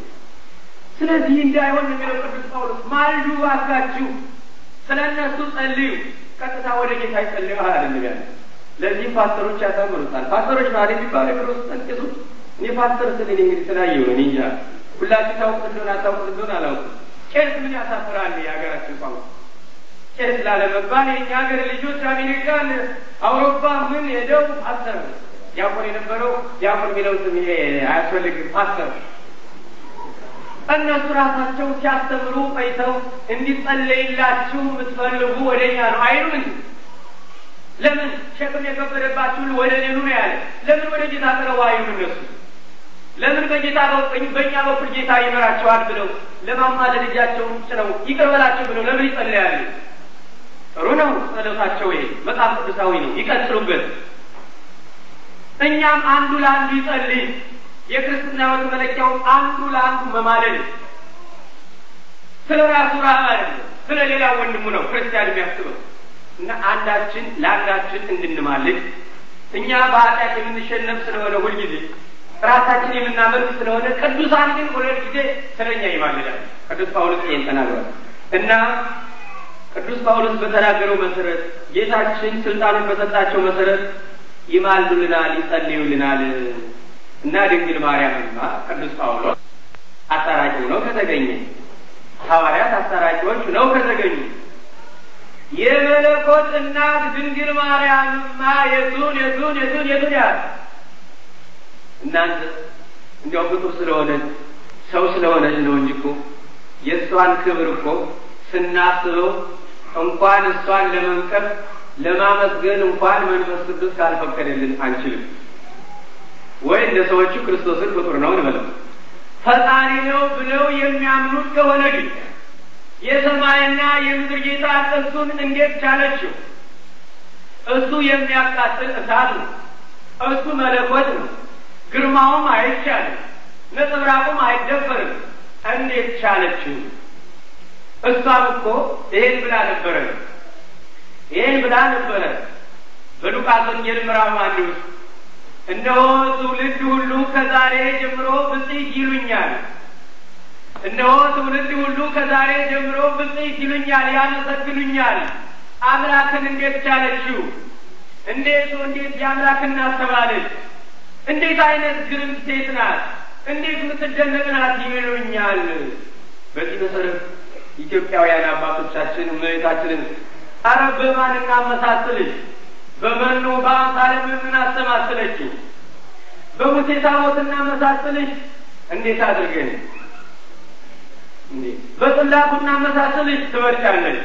ስለዚህ እንዳይሆን የሚለው ቅዱስ ጳውሎስ ማልዱ አጋችሁ ስለ እነሱ ጸልዩ፣ ቀጥታ ወደ ጌታ ይጸልዩ አላለም ያለ። ለዚህም ፓስተሮች ያሳምሩታል። ፓስተሮች ማለት የሚባሉ ብሮስ ጠቅሱ። እኔ ፓስተር ስል እንግዲህ ስላየው ነው እንጂ ሁላችሁ ታውቁ እንደሆን አታውቁ እንደሆን አላውቅም ቄስ ምን ያሳፍራል? የሀገራችን ቋንቋ ቄስ ላለመባል የእኛ ሀገር ልጆች አሜሪካን፣ አውሮፓ ምን ሄደው ፓስተር ዲያቆን የነበረው ዲያቆን የሚለው ስም አያስፈልግም። ፓስተር እነሱ ራሳቸው ሲያስተምሩ ቆይተው እንዲጸለይላችሁ የምትፈልጉ ወደ እኛ ነው አይሉም እንጂ ለምን ሸክም የከበደባችሁ ወደ እኔ ኑ ነው ያለ። ለምን ወደ ጌታ ቅረቡ አይሉም እነሱ ለምን በጌታ በእኛ በኩል ጌታ ይመራቸዋል ብለው ለማማለድ እጃቸውን ጭነው ይቅር በላቸው ብለው ለምን ይጸልያሉ? ጥሩ ነው ጸሎታቸው፣ ይሄ መጽሐፍ ቅዱሳዊ ነው፣ ይቀጥሉበት። እኛም አንዱ ለአንዱ ይጸልይ። የክርስትና ሕይወት መለኪያው አንዱ ለአንዱ መማለድ፣ ስለ ራሱ ራሱ ስለ ሌላ ወንድሙ ነው ክርስቲያን የሚያስበው እና አንዳችን ለአንዳችን እንድንማልድ እኛ በኃጢአት የምንሸነፍ ስለሆነ ሁልጊዜ ራሳችን የምናመልክ ስለሆነ ቅዱሳን ግን ሁለት ጊዜ ስለኛ ይማልዳል። ቅዱስ ጳውሎስ ይህን ተናግሯል እና ቅዱስ ጳውሎስ በተናገረው መሰረት ጌታችን ስልጣኑን በሰጣቸው መሰረት ይማልዱልናል፣ ይጸልዩልናል እና ድንግል ማርያምማ ቅዱስ ጳውሎስ አሰራቂ ነው ከተገኘ ሐዋርያት አሰራቂዎች ነው ከተገኙ የመለኮት እናት ድንግል ማርያምማ የቱን የቱን የቱን የቱን ያል እናንተ እንዲያው ፍጡር ስለሆነች ሰው ስለሆነች ነው እንጂ እኮ የእሷን ክብር እኮ ስናስበው እንኳን እሷን ለመንቀፍ ለማመስገን እንኳን መንፈስ ቅዱስ ካልፈቀደልን አንችልም። ወይ እንደ ሰዎቹ ክርስቶስን ፍጡር ነው እንበለው። ፈጣሪ ነው ብለው የሚያምኑት ከሆነ ግን የሰማይና የምድር ጌታ እሱን እንዴት ቻለችው? እሱ የሚያቃጥል እሳት ነው። እሱ መለኮት ነው። ግርማውም አይቻልም፣ ነጸብራቁም አይደፈርም። እንዴት ቻለችው? እሷም እኮ ይሄን ብላ ነበረ ይሄን ብላ ነበረ። በሉቃስ ወንጌል ምዕራፍ አንድ ውስጥ እነሆ ትውልድ ሁሉ ከዛሬ ጀምሮ ብጽዕት ይሉኛል፣ እነሆ ትውልድ ሁሉ ከዛሬ ጀምሮ ብጽዕት ይሉኛል፣ ያመሰግኑኛል። አምላክን እንዴት ቻለችው? እንዴት እንዴት የአምላክን አስተባለች? እንዴት አይነት ግርም ሴት ናት! እንዴት የምትደነቅ ናት ይመኑኛል። በዚህ መሰረት ኢትዮጵያውያን አባቶቻችን እመቤታችንን አረ በማን እናመሳስልሽ በመኖ በአምሳለ ምንን አስተማስለችው በሙሴ ታቦት እናመሳስልሽ እንዴት አድርገን በጽላቱ እናመሳስልሽ ትበልጫለች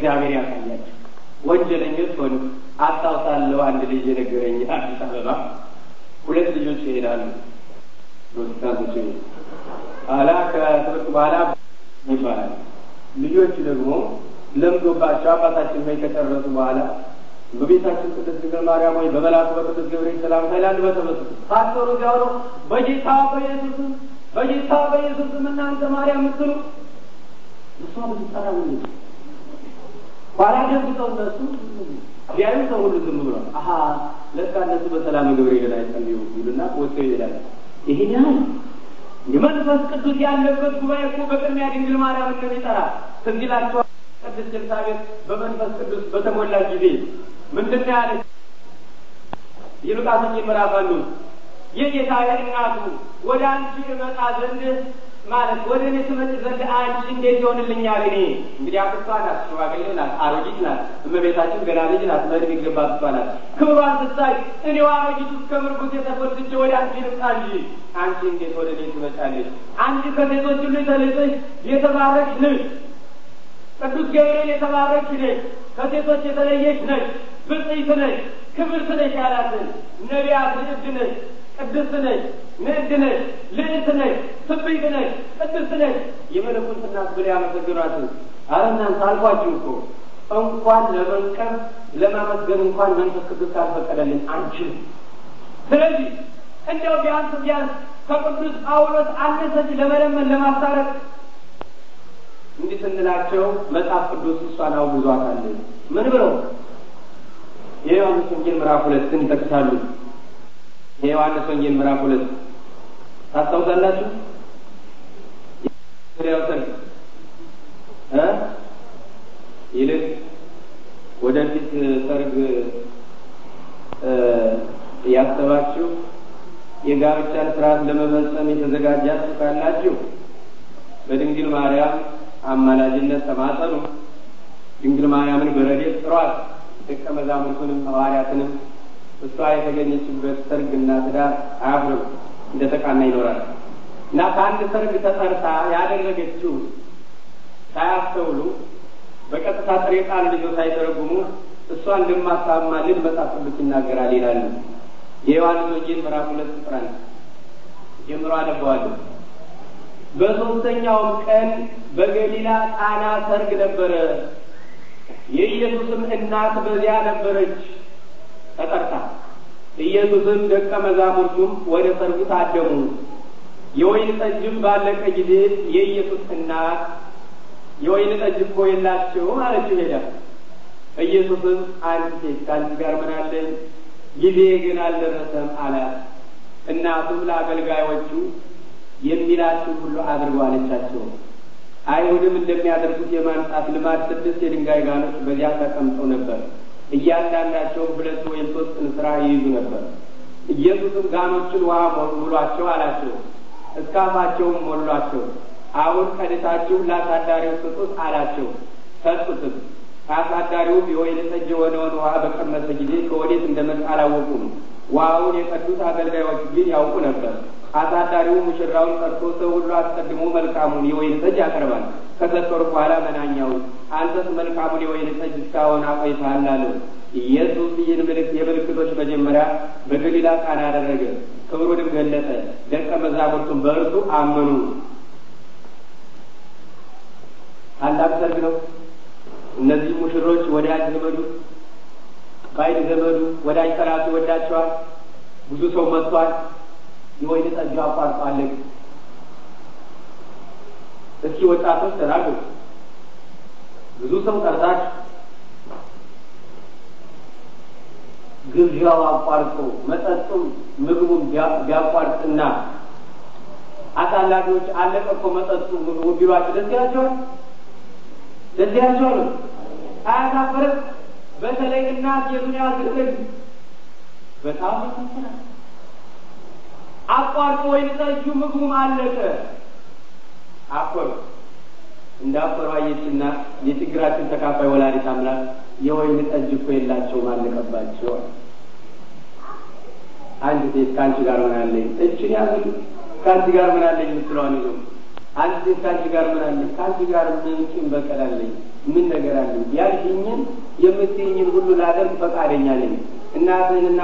እግዚአብሔር ያሳያቸው። ወንጀለኞች ሆኑ። አስታውሳለሁ አንድ ልጅ የነገረኝ አዲስ አበባ ሁለት ልጆች ይሄዳሉ ፕሮቴስታንቶች ኋላ ከትምህርት በኋላ ይባላል። ልጆቹ ደግሞ ለምዶባቸው አባታችን ሆይ ከጨረሱ በኋላ በቤታችን ቅዱስ ድንግል ማርያም ወይ በመልአኩ በቅዱስ ገብርኤል ሰላምታ ይላል። በተበሱ ታሰሩ ሲያወሩ በጌታ በኢየሱስም በጌታ በኢየሱስም እናንተ ማርያም ምትሉ እሷ ብዙ ጠራ አስደንግጠው እነሱ ሊያዩ ሰው ሁሉ ዝም ብሏል። አሀ ለካ እነሱ በሰላም ገብር ይላል ጸልዩ ይሉና ወጥቶ ይሄዳል። ይሄን ያህል የመንፈስ ቅዱስ ያለበት ጉባኤ እኮ በቅድሚያ ድንግል ማርያም እንደሚጠራ ትዝ ይላቸዋል። ቅድስት ኤልሳቤጥ በመንፈስ ቅዱስ በተሞላ ጊዜ ምንድን ነው ያለች? የሉቃስ ወንጌል ምዕራፍ አንዱ የጌታዬ እናቱ ወደ አንቺ እመጣ ዘንድ ማለት ወደ እኔ ትመጭ ዘንድ አንቺ እንዴት ይሆንልኛል? እኔ እንግዲህ አክስቷ ናት፣ ሽማግሌ ናት፣ አሮጊት ናት፣ እመቤታችን ገና ልጅ ናት፣ መድን ይገባ አክስቷ ናት። ክብሯን ስታይ እኔው አሮጊቱ እስከ ምርኩዝ የተፈልስች ወደ አንቺ ልምጣ እንጂ አንቺ እንዴት ወደ እኔ ትመጫለች? አንቺ ከሴቶች ሁሉ የተለየሽ የተባረች ልጅ ቅዱስ ገብርኤል የተባረች ነሽ፣ ከሴቶች የተለየች ነች፣ ብጽይት ነች፣ ክብርት ነሽ ያላትን ነቢያት እድ ነች፣ ቅድስት ነች ንግድ ነሽ፣ ልዕልት ነሽ፣ ስብይት ነሽ፣ ቅድስት ነሽ የመለኮት እናት ብለው ያመሰግኗት። አረ እናንተ አልኳችሁ እኮ እንኳን ለመንቀፍ ለማመስገን እንኳን መንፈስ ቅዱስ ካልፈቀደልን አንችልም። ስለዚህ እንዲያው ቢያንስ ቢያንስ ከቅዱስ ጳውሎስ አነሰች ለመለመን ለማስታረቅ እንዲህ ስንላቸው መጽሐፍ ቅዱስ እሷን አውግዟታል። ምን ብለው የዮሐንስ ወንጌል ምዕራፍ ሁለትን ይጠቅሳሉ። የዮሐንስ ወንጌል ምዕራፍ ሁለት ታስታውሳላችሁ? ሪያውተን ይልቅ ወደፊት ሰርግ ያሰባችሁ የጋብቻን ስርዓት ለመፈጸም የተዘጋጃችሁ ካላችሁ በድንግል ማርያም አማላጅነት ተማጠኑ። ድንግል ማርያምን በረዴት ጥሯት። ደቀ መዛሙርቱንም ሐዋርያትንም እሷ የተገኘችበት ሰርግና ትዳር አያፍርም። እንደ ተቃና ይኖራል እና በአንድ ሰርግ ተጠርታ ያደረገችው ሳያስተውሉ በቀጥታ ጥሬ ቃል ልጆ ሳይተረጉሙ እሷ እንደማታማ ልል መጻፍብት ይናገራል ይላሉ። የዮሐንስ ወንጌል ምዕራፍ ሁለት ቁጥር አንድ ጀምሮ አነበዋለሁ። በሶስተኛውም ቀን በገሊላ ቃና ሰርግ ነበረ። የኢየሱስም እናት በዚያ ነበረች ተጠርታ ኢየሱስም ደቀ መዛሙርቱም ወደ ሰርጉ ታደሙ። የወይን ጠጅም ባለቀ ጊዜ የኢየሱስ እናት የወይን ጠጅ እኮ የላቸው አለችው ሄዳ። ኢየሱስም አንድ ሴት ከአንቺ ጋር ምን አለኝ ጊዜ ግን አልደረሰም አላት። እናቱም ለአገልጋዮቹ የሚላችሁ ሁሉ አድርጎ አለቻቸው። አይሁድም እንደሚያደርጉት የማንጻት ልማድ ስድስት የድንጋይ ጋኖች በዚያ ተቀምጠው ነበር። እያንዳንዳቸውም ሁለት ወይም ሶስትን ስራ ይይዙ ነበር። ኢየሱስም ጋኖችን ውሃ ሙሏቸው አላቸው። እስካፋቸውም ሞሏቸው። አሁን ቀድታችሁ ለአሳዳሪው ስጡት አላቸው። ሰጡትም። ከአሳዳሪውም የወይን ጠጅ የሆነውን ውሃ በቀመሰ ጊዜ ከወዴት እንደመጣ አላወቁም። ውሃውን የቀዱት አገልጋዮች ግን ያውቁ ነበር። አሳዳሪው ሙሽራውን ጠርቶ ሰው ሁሉ አስቀድሞ መልካሙን የወይን ጠጅ ያቀርባል። ከሰከሩ በኋላ መናኛውን አንተስ መልካሙን የወይን ጠጅ እስካሁን አቆይተሃል አለው። ኢየሱስ ይህን ምልክት የምልክቶች መጀመሪያ በገሊላ ቃና አደረገ፣ ክብሩንም ገለጠ። ደቀ መዛሙርቱን በእርሱ አመኑ። ታላቅ ሰርግ ነው። እነዚህ ሙሽሮች ወዳጅ ዘመዱ ባይድ ዘመዱ ወዳጅ ጠላቱ ወዳቸዋል። ብዙ ሰው መጥቷል። የወይን ጠጁ አቋርጦ አለቅ። እስኪ ወጣቶች ተናገሩ። ብዙ ሰው ጠርታችሁ ግብዣው አቋርጦ መጠጡም ምግቡም ቢያቋርጥና አሳላፊዎች አለቀ እኮ መጠጡ ምግቡ ቢሏችሁ ደስ ያቸዋል? ደስ ያቸዋል? አያሳፍርም? በተለይ እናት የዱንያ ግድል በጣም ተሰናል አቋርጦ ወይን ጠጁ ምግቡም አለቀ። አኮር እንደ አኮረው አየችና የችግራችን ተካፋይ ወላዲተ አምላክ የወይን ጠጅ እኮ የላቸውም አለቀባቸው። አንድ ሴት ከአንቺ ጋር ምን አለኝ እችን ያ ከአንቺ ጋር ምን አለኝ የምትለዋን ይዘው አንድ ሴት ከአንቺ ጋር ምን አለኝ ከአንቺ ጋር ምን ቂም በቀል አለኝ ምን ነገር አለኝ ያልሽኝን የምትይኝን ሁሉ ላደርግ ፈቃደኛ ነኝ እና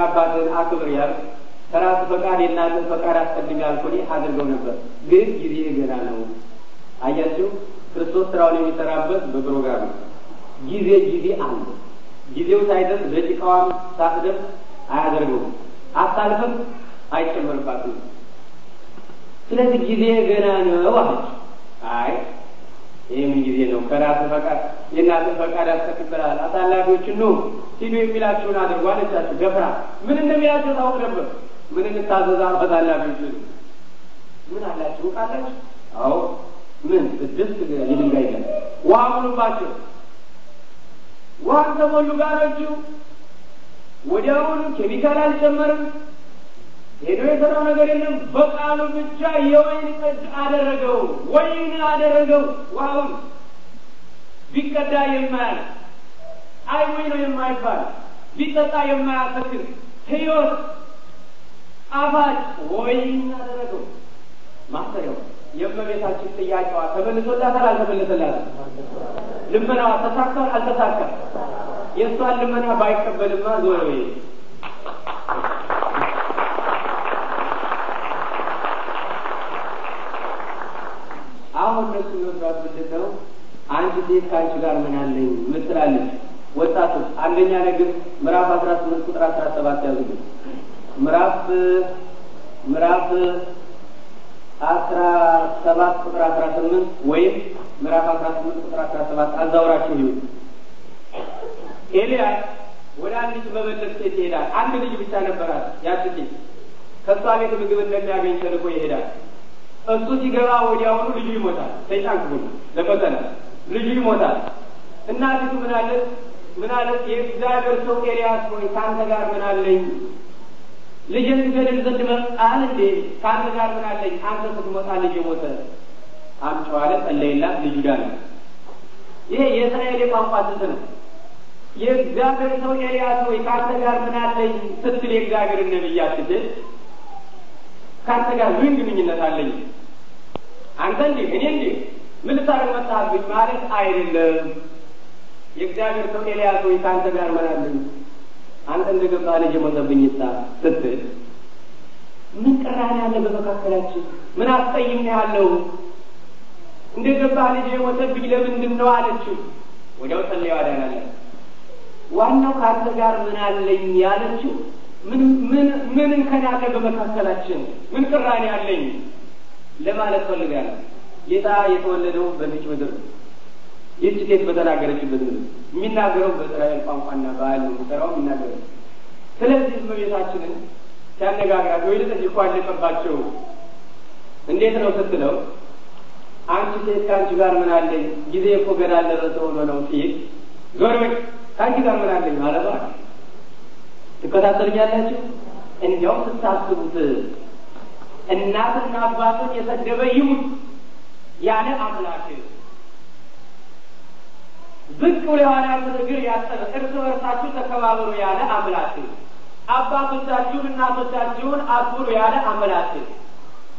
አባትህን አክብር ያልኩ ከራሱ ፈቃድ የናንተ ፈቃድ አስቀድሜ ያልኩኝ አድርገው ነበር፣ ግን ጊዜ ገና ነው። አያችሁ፣ ክርስቶስ ስራውን የሚሰራበት በፕሮግራም ነው። ጊዜ ጊዜ አለ። ጊዜው ሳይደርስ ደቂቃዋም ሳትደርስ አያደርገውም፣ አታልፍም፣ አይጨመርባትም። ስለዚህ ጊዜ ገና ነው አለች። አይ ይህም ጊዜ ነው? ከራስ ፈቃድ የእናንተ ፈቃድ ያስከትበላል። አሳላፊዎችን ነው ሲሉ የሚላቸውን አድርጓ አለቻቸው። ገፍራ ምን እንደሚላቸው ታውቅ ነበር። ምን እንታዘዝ ፈታላ ታላፊዎች ምን አላችሁ ቃላችሁ? አዎ ምን ስድስት የድንጋይ ገ ውሃ ሙሉባቸው። ውሃን ተሞሉ ጋሮቹ ወዲያውኑ ኬሚካል አልጨመርም። ሄዶ የሰራው ነገር የለም። በቃሉ ብቻ የወይን ጠጅ አደረገው፣ ወይን አደረገው። ውሃውን ቢቀዳ የማያል አይ ወይ ነው የማይባል ቢጠጣ የማያሰክር ህይወት አባት ወይ እናደረገው ማሰሪያው የእመቤታችን ጥያቄዋ ተመልሶላታል አልተመልሶላትም? ልመናዋ ተሳካል አልተሳካም? የእሷን ልመና ባይቀበልማ ዞር ወይ አሁን እነሱ መስራት ምንድን ነው? አንድ ሴት ከአንቺ ጋር ምን አለኝ ምትላለች። ወጣቶች አንደኛ ነገሥት ምዕራፍ አስራ ስምንት ቁጥር አስራ ሰባት ያዙ ምዕራፍ ምዕራፍ አስራ ሰባት ቁጥር አስራ ስምንት ወይም ምዕራፍ አስራ ስምንት ቁጥር አስራ ሰባት አዛውራችሁ ይሁን። ኤልያስ ወደ አንድ ልጅ በመለስ ሴት ይሄዳል። አንድ ልጅ ብቻ ነበራት ያች ሴት። ከእሷ ቤት ምግብ እንደሚያገኝ ተልኮ ይሄዳል። እሱ ሲገባ ወዲያውኑ ልጁ ይሞታል። ሰይጣን ክቡል ለመጠነ ልጁ ይሞታል። እናቲቱ ምናለት ምናለት የእግዚአብሔር ሰው ኤልያስ ሆይ ከአንተ ጋር ምናለኝ ልጄን ትገድል ዘንድ መጣን እንዴ? ከአንተ ጋር ምን አለኝ? አንተ ስትመጣ ልጅ ሞተ። አምጨዋለ ጸለይላት፣ ልጁ ዳነ። ይሄ የእስራኤል የቋንቋ ስልት ነው። የእግዚአብሔር ሰው ኤልያስ ወይ ከአንተ ጋር ምን አለኝ ስትል የእግዚአብሔር ነብያ ስትል ከአንተ ጋር ምን ግንኙነት አለኝ? አንተ እንዲህ እኔ እንዲህ ምን ልታረግ መጣህብኝ ማለት አይደለም። የእግዚአብሔር ሰው ኤልያስ ወይ ከአንተ ጋር ምን አለኝ አንተ እንደገባ ልጅ የሞተብኝ ስትል ምን ቅራኔ አለ በመካከላችን? ምን አስጠይም ያለው ያለው? ገባ ልጅ የሞተብኝ ለምንድን ነው አለችው። ወዲያው ጸለዩ አዳናለ። ዋናው ከአንተ ጋር ምን አለኝ ያለችው ምን እንከን አለ በመካከላችን? ምን ቅራኔ አለኝ ለማለት ፈልጋለሁ። ጌታ የተወለደው በዚች ምድር ነው። ይህች ሴት በተናገረችበት ነው የሚናገረው። በእስራኤል ቋንቋና ባህል ነው የሚሰራው የሚናገረው። ስለዚህ እመቤታችንን ሲያነጋግራት ወይ ልጠጅ እኮ አለቀባቸው እንዴት ነው ስትለው፣ አንቺ ሴት ከአንቺ ጋር ምን አለኝ? ጊዜ እኮ ገና አልደረሰ ሆኖ ነው ሲል ዞሮች ከአንቺ ጋር ምን አለኝ ማለቷ ትከታተልኛላችሁ። እንዲያውም ስታስቡት እናትና አባትን የሰደበ ይሙት ያለ አምላክ ዝቅ ብሎ የሐዋርያትን እግር ያጠበ እርስ በርሳችሁ ተከባበሩ ያለ አምላክ፣ አባቶቻችሁን እናቶቻችሁን አክብሩ ያለ አምላክ፣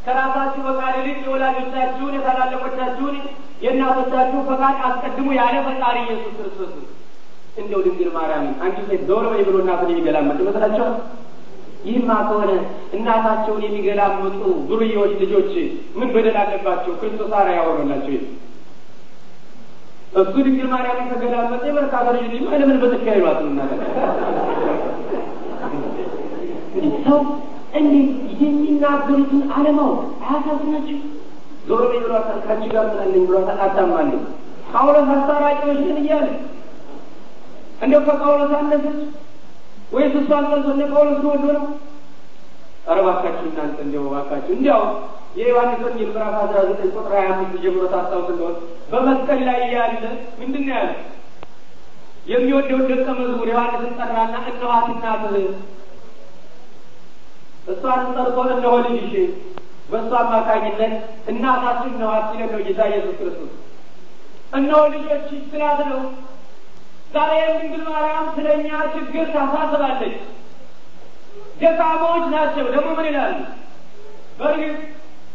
ከራሳችሁ ፈቃድ ይልቅ የወላጆቻችሁን የታላለቆቻችሁን የእናቶቻችሁን ፈቃድ አስቀድሙ ያለ ፈጣሪ ኢየሱስ ክርስቶስ እንደው ድንግል ማርያምን አንቺ ሴት ዘወር በይ ብሎ እናትን የሚገላመጥ ይመስላችኋል? ይህማ ከሆነ እናታቸውን የሚገላምጡ ዱርዬዎች ልጆች ምን በደል አለባቸው? ክርስቶስ አራ አርአያ ሆኖላቸው እሱ ድንግል ማርያም የተገላመጠ የመርካቶ ልጅ ልጅ ለምን በዘካ ይሏት ሰው እንዴት የሚናገሩትን አለማወቅ አያሳዝናችሁ? ዞሮ ላይ ብሏታል፣ ከአንቺ ጋር ምናለኝ ብሏታል። አታማለኝ ጳውሎስ አስታራቂዎች ግን እያለ እንደ ከጳውሎስ አነሰች ወይስ እሷ አንጠልሶ እንደ ጳውሎስ ወዶ ነው? ኧረ እባካችሁ እናንተ እንደው እባካችሁ እንዲያው የዮሐንስ ወንጌል ምዕራፍ አስራ ዘጠኝ ቁጥር ሀያ አምስት ጀምሮ ታስታውስ እንደሆነ በመስቀል ላይ ያለ ምንድን ነው ያለ የሚወደውን ደቀ መዝሙር ዮሐንስን ጠራና እነኋት እናትህ እሷን ጠርቶ እነሆ ልጅሽ በእሷ አማካኝነት እናታችን እነኋት ሲለነው ነው ጌታ ኢየሱስ ክርስቶስ እነሆ ልጆች ስላት ነው። ዛሬ ድንግል ማርያም ስለ እኛ ችግር ታሳስባለች። ደካማዎች ናቸው ደግሞ ምን ይላሉ በእርግጥ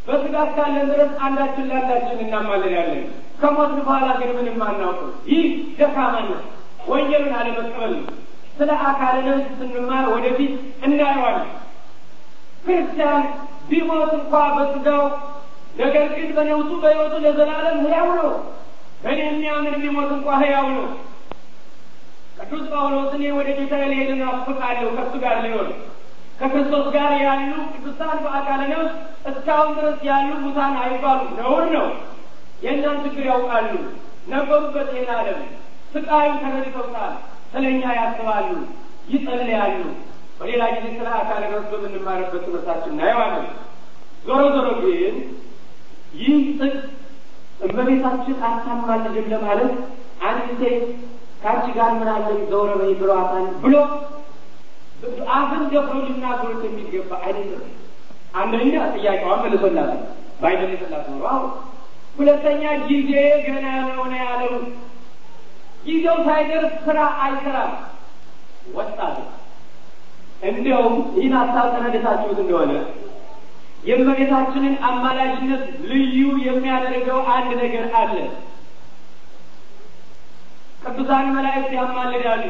በስጋት ካለን ድረስ አንዳችን ለአንዳችን እናማለን ያለን ከሞት በኋላ ግን ምንም አናውቅም። ይህ ደካማና ወንጀልን አለመቀበል ነው። ስለ አካለ ነፍስ ስንማር ወደፊት እናየዋለን። ክርስቲያን ቢሞት እንኳ በስጋው ነገር ግን በነፍሱ በሕይወቱ ለዘላለም ሕያው ነው። በእኔ የሚያምን ቢሞት እንኳ ሕያው ነው። ቅዱስ ጳውሎስ እኔ ወደ ጌታ ልሄድ ናፍቃለሁ ከሱ ጋር ሊሆን ከክርስቶስ ጋር ያሉ ቅዱሳን በአካለ ነፍስ እስካሁን ድረስ ያሉ ሙታን አይባሉ ነውር ነው። የእኛን ችግር ያውቃሉ። ነበሩበት ይህን ዓለም ስቃዩ ተረድተውታል። ስለ እኛ ያስባሉ፣ ይጸልያሉ። በሌላ ጊዜ ስለ አካለ ነፍስ በምንማርበት ትምህርታችን እናየዋለን። ዞሮ ዞሮ ግን ይህ ጥቅ እመቤታችን አታማልድም ለማለት አንድ ሴት ከአንቺ ጋር ምን ዘውረበኝ ዘወረ በይ ብሏታል ብሎ አፍን ደፍሮ ሊናገሩ የሚገባ አይደለም። አንደኛ ጥያቄዋን መልሶላት ባይመልስላት ኖሮ አሁ ሁለተኛ ጊዜ ገና ነው ያለው። ጊዜው ሳይደርስ ስራ አይሰራም። ወጣት እንዲያውም ይህን ሀሳብ ተነደሳችሁት እንደሆነ የእመቤታችንን አማላጅነት ልዩ የሚያደርገው አንድ ነገር አለ። ቅዱሳን መላእክት ያማልዳሉ።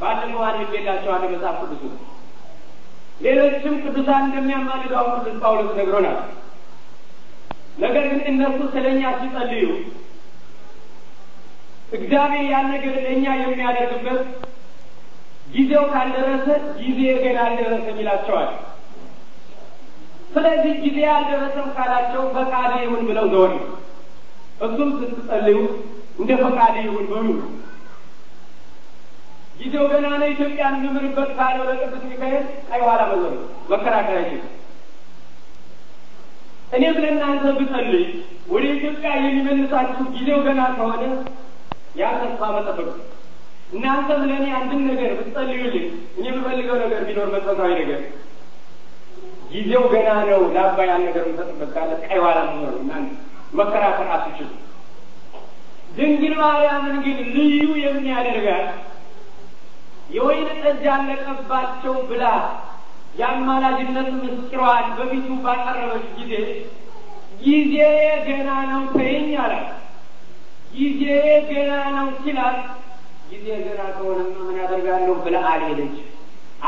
ባለመዋል የሌላቸዋለሁ መጽሐፍ ቅዱስ ነው። ሌሎችም ቅዱሳን እንደሚያማልዱ አሁን ቅዱስ ጳውሎስ ነግሮናል። ነገር ግን እነሱ ስለ እኛ ሲጸልዩ እግዚአብሔር ያን ነገር ለእኛ የሚያደርግበት ጊዜው ካልደረሰ ጊዜ ገና አልደረሰም ይላቸዋል። ስለዚህ ጊዜ አልደረሰም ካላቸው ፈቃድ ይሁን ብለው ዘወር እሱም ስትጸልዩ እንደ ፈቃድ ይሁን በሉ ጊዜው ገና ነው። ኢትዮጵያን እንምርበት ካለው ለቅዱስ ሚካኤል ቀይ ኋላ መዘሩ መከራከሪያ አይችልም። እኔ ብለን እናንተ ብጸልይ ወደ ኢትዮጵያ የሚመልሳችሁ ጊዜው ገና ከሆነ ያ ተስፋ መጠበቅ እናንተ ብለን አንድን ነገር ብትጸልዩልኝ እኔ የምፈልገው ነገር ቢኖር መጠታዊ ነገር ጊዜው ገና ነው። ለአባ ያን ነገር ምሰጥበት ካለ ቀይ ኋላ መዞር እናንተ መከራከር አትችሉ። ድንግል ማርያምን ግን ልዩ የምን ያደርጋል የወይን ጠጅ ያለቀባቸው ብላ የአማላጅነት ምስጢሯን በፊቱ ባቀረበች ጊዜ ጊዜ ገና ነው ተይኝ አላት። ጊዜ ገና ነው ሲላት ጊዜ ገና ከሆነማ ምን ያደርጋለሁ ብለ አልሄደች።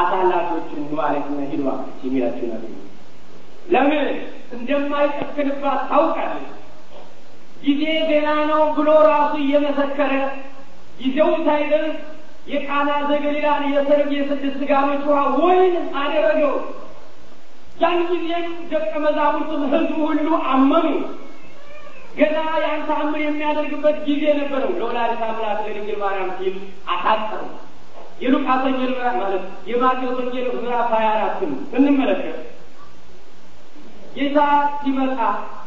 አታላቶችን ባለችና ሂዷ የሚላችሁ ነ ለምን እንደማይጨክንባት ታውቃለች። ጊዜ ገና ነው ብሎ ራሱ እየመሰከረ ጊዜው ሳይደርስ የቃና ዘገሊላን የሰርግ የስድስት ጋኖች ውሃ ወይን አደረገው። ያን ጊዜም ደቀ መዛሙርቱም ህዝቡ ሁሉ አመኑ። ገና ያን ተአምር የሚያደርግበት ጊዜ ነበረው። ለወላዲተ አምላክ ለድንግል ማርያም ሲል አታጠሩ። የሉቃስ ወንጌል ምዕራፍ ማለት የማቴዎስ ወንጌል ምዕራፍ ሀያ አራት እንመለከት። ጌታ ሲመጣ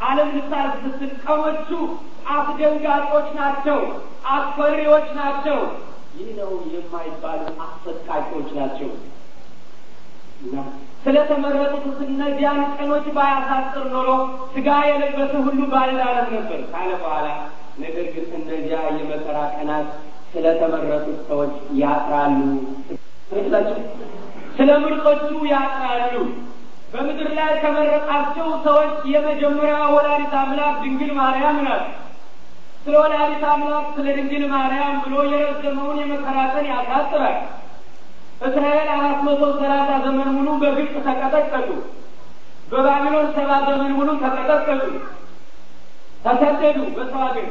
ዓለም ልታር ስትል ቀኖቹ አስደንጋጮች ናቸው፣ አስፈሪዎች ናቸው። ይህ ነው የማይባሉ አሰቃቂዎች ናቸው እና ስለተመረጡት እነዚያን ቀኖች ባያሳጥር ኖሮ ስጋ የለበሰ ሁሉ ባልዳረስ ነበር ካለ በኋላ ነገር ግን እነዚያ የመከራ ቀናት ስለተመረጡት ሰዎች ያጥራሉ፣ ስለ ምርጦቹ ያጥራሉ። በምድር ላይ ከመረጣቸው ሰዎች የመጀመሪያ ወላዲት አምላክ ድንግል ማርያም ናት። ስለ ወላዲተ አምላክ ስለ ድንግል ማርያም ብሎ የረዘመውን የመከራ ቀን ያሳጥራል። እስራኤል አራት መቶ ሰላሳ ዘመን ሙሉ በግብፅ ተቀጠቀጡ። በባቢሎን ሰባ ዘመን ሙሉ ተቀጠቀጡ፣ ተሰደዱ በሰው ሀገር።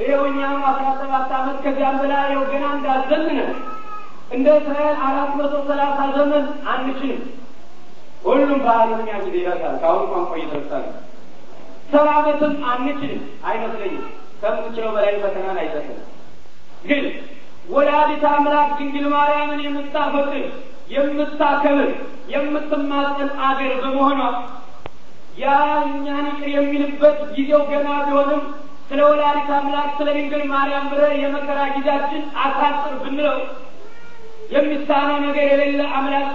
ይኸው እኛም አስራ ሰባት ዓመት ከዚያም በላይ ይኸው ገና እንዳዘምነ እንደ እስራኤል አራት መቶ ሰላሳ ዘመን አንችልም። ሁሉም ባህሉን ጊዜ ይረሳል። ከአሁን ቋንቋ እየተረሳ ነው። ሰባ ዓመትም አንችልም አይመስለኝም። ከምትችለው በላይ ፈተናን አይፈትን። ግን ወላዲተ አምላክ ድንግል ማርያምን የምታፈቅር የምታከብር፣ የምትማጸን አገር በመሆኗ ያ እኛን ይቅር የሚልበት ጊዜው ገና ቢሆንም ስለ ወላዲተ አምላክ ስለ ድንግል ማርያም ብለ የመከራ ጊዜያችን አሳጥር ብንለው የሚሳነው ነገር የሌለ አምላክ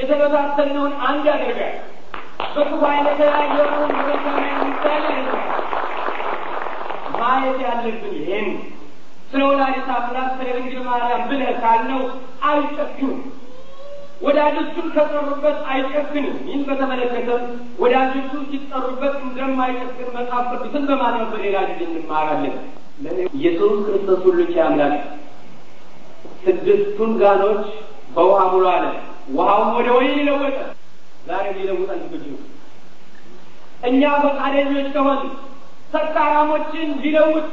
የተበታተነውን አንድ ያደርጋል። በክፉ አይነት ላይ የሆኑ ምረታ ሚሳል ያደርጋል ማየት ያለብን ይሄን ስለ ወላዲተ አምላክ ስለ ድንግል ማርያም ብለህ ካልነው አይጨክንም። ወዳጆቹን ከጠሩበት አይጨክንም። ይህን በተመለከተ ወዳጆቹ ሲጠሩበት እንደማይጨክን መጽሐፍ ቅዱስን በማንበብ በሌላ ጊዜ እንማራለን። ኢየሱስ ክርስቶስ ሁሉ አምላክ ስድስቱን ጋኖች በውሃ ሙሉ አለ። ውሃውም ወደ ወይን ይለወጠ። ዛሬ ሊለውጠን ዝግጁ እኛ ፈቃደኞች ከሆን ሰካራሞችን ሊለውጥ፣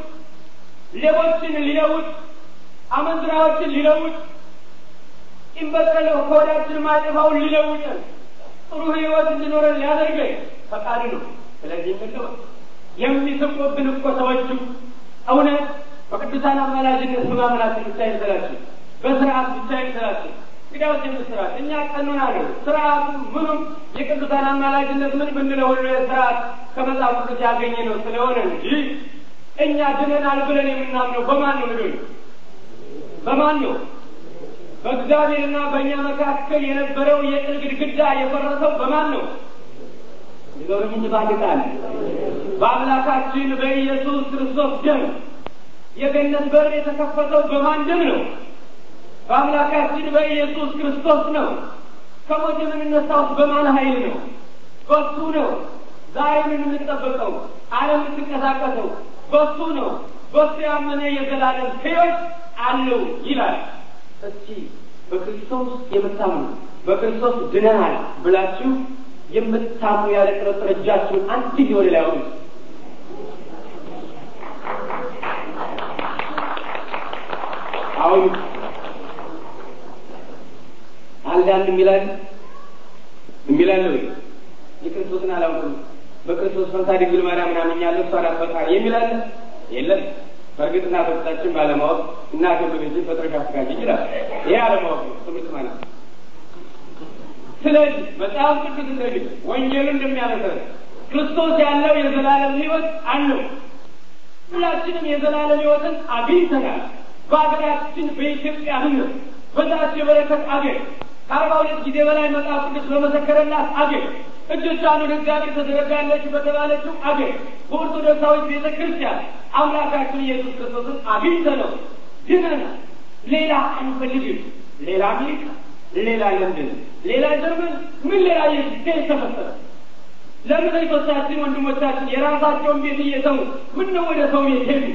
ሌቦችን ሊለውጥ፣ አመንዝራዎችን ሊለውጥ፣ ቂም በቀል ከወዳችን ማጠፋውን ሊለውጥ፣ ጥሩ ህይወት እንድኖረን ሊያደርገኝ ፈቃድ ነው። ስለዚህ ምንለወጥ የሚስቁብን እኮ ሰዎቹ እውነት በቅዱሳን አማላጅነት በማመናችን ብቻ ይመስላችሁ፣ በስርዓት ብቻ ይመስላችሁ ስጋው ስራት እኛ ቀኑን አለ ስርአቱ ምኑም የቅዱሳን አማላጅነት ምን ብንለው ሁሉ ስርአት ከመጽሐፍ ቅዱስ ያገኘ ነው ስለሆነ እንጂ እኛ ድነናል ብለን የምናምነው በማን ነው? ምድን በማን ነው? በእግዚአብሔርና በእኛ መካከል የነበረው የጥል ግድግዳ የፈረሰው በማን ነው? ሊበሩኝ ባልቃል በአምላካችን በኢየሱስ ክርስቶስ ደም የገነት በር የተከፈተው በማን ደም ነው? በአምላካችን በኢየሱስ ክርስቶስ ነው። ከሞት የምንነሳው በማን ኃይል ነው? በሱ ነው። ዛሬ ምን የምንጠበቀው ዓለም የምትንቀሳቀሰው በሱ ነው። በሱ ያመነ የዘላለም ሕይወት አለው ይላል። እስቲ በክርስቶስ የምታምኑ በክርስቶስ ድነሃል ብላችሁ የምታምኑ ያለ ጥርጥር እጃችሁን አንድ ሊሆን ላይሆኑ አሁን አልዳን የሚላል የሚላል የክርስቶስን አላውቅም በክርስቶስ ፈንታ ድንግል ማርያም ማርያምን አምኛለሁ እሷን አፈጣሪ የሚላል የለም። በእርግጥ እናቶቻችን ባለማወቅ እናት ብግጅ ፈጥረሽ አስጋጅ ይችላል ይህ አለማወቅ ነው፣ ትምህርት ማለት ስለዚህ መጽሐፍ ቅዱስ እንደሚል ወንጀሉ እንደሚያመሰረ ክርስቶስ ያለው የዘላለም ህይወት አለው። ሁላችንም የዘላለም ህይወትን አግኝተናል። በሀገራችን በኢትዮጵያ ሕዝብ በዛች የበረከት አገር ከአርባ ሁለት ጊዜ በላይ መጽሐፍ ቅዱስ በመሰከረላት አገር እጆቿን ወደ እግዚአብሔር ተዘረጋለች በተባለችው አገር በኦርቶዶክሳዊት ቤተ ክርስቲያን አምላካችን ኢየሱስ ክርስቶስን ነው ድነናል። ሌላ አንፈልግም። ሌላ አሜሪካ፣ ሌላ ለንደን፣ ሌላ ጀርመን፣ ምን ሌላ የጊዜ ተፈጠረ። ለምን እህቶቻችን ወንድሞቻችን የራሳቸውን ቤት ምን ነው ወደ ሰው ቤት ሄዱ?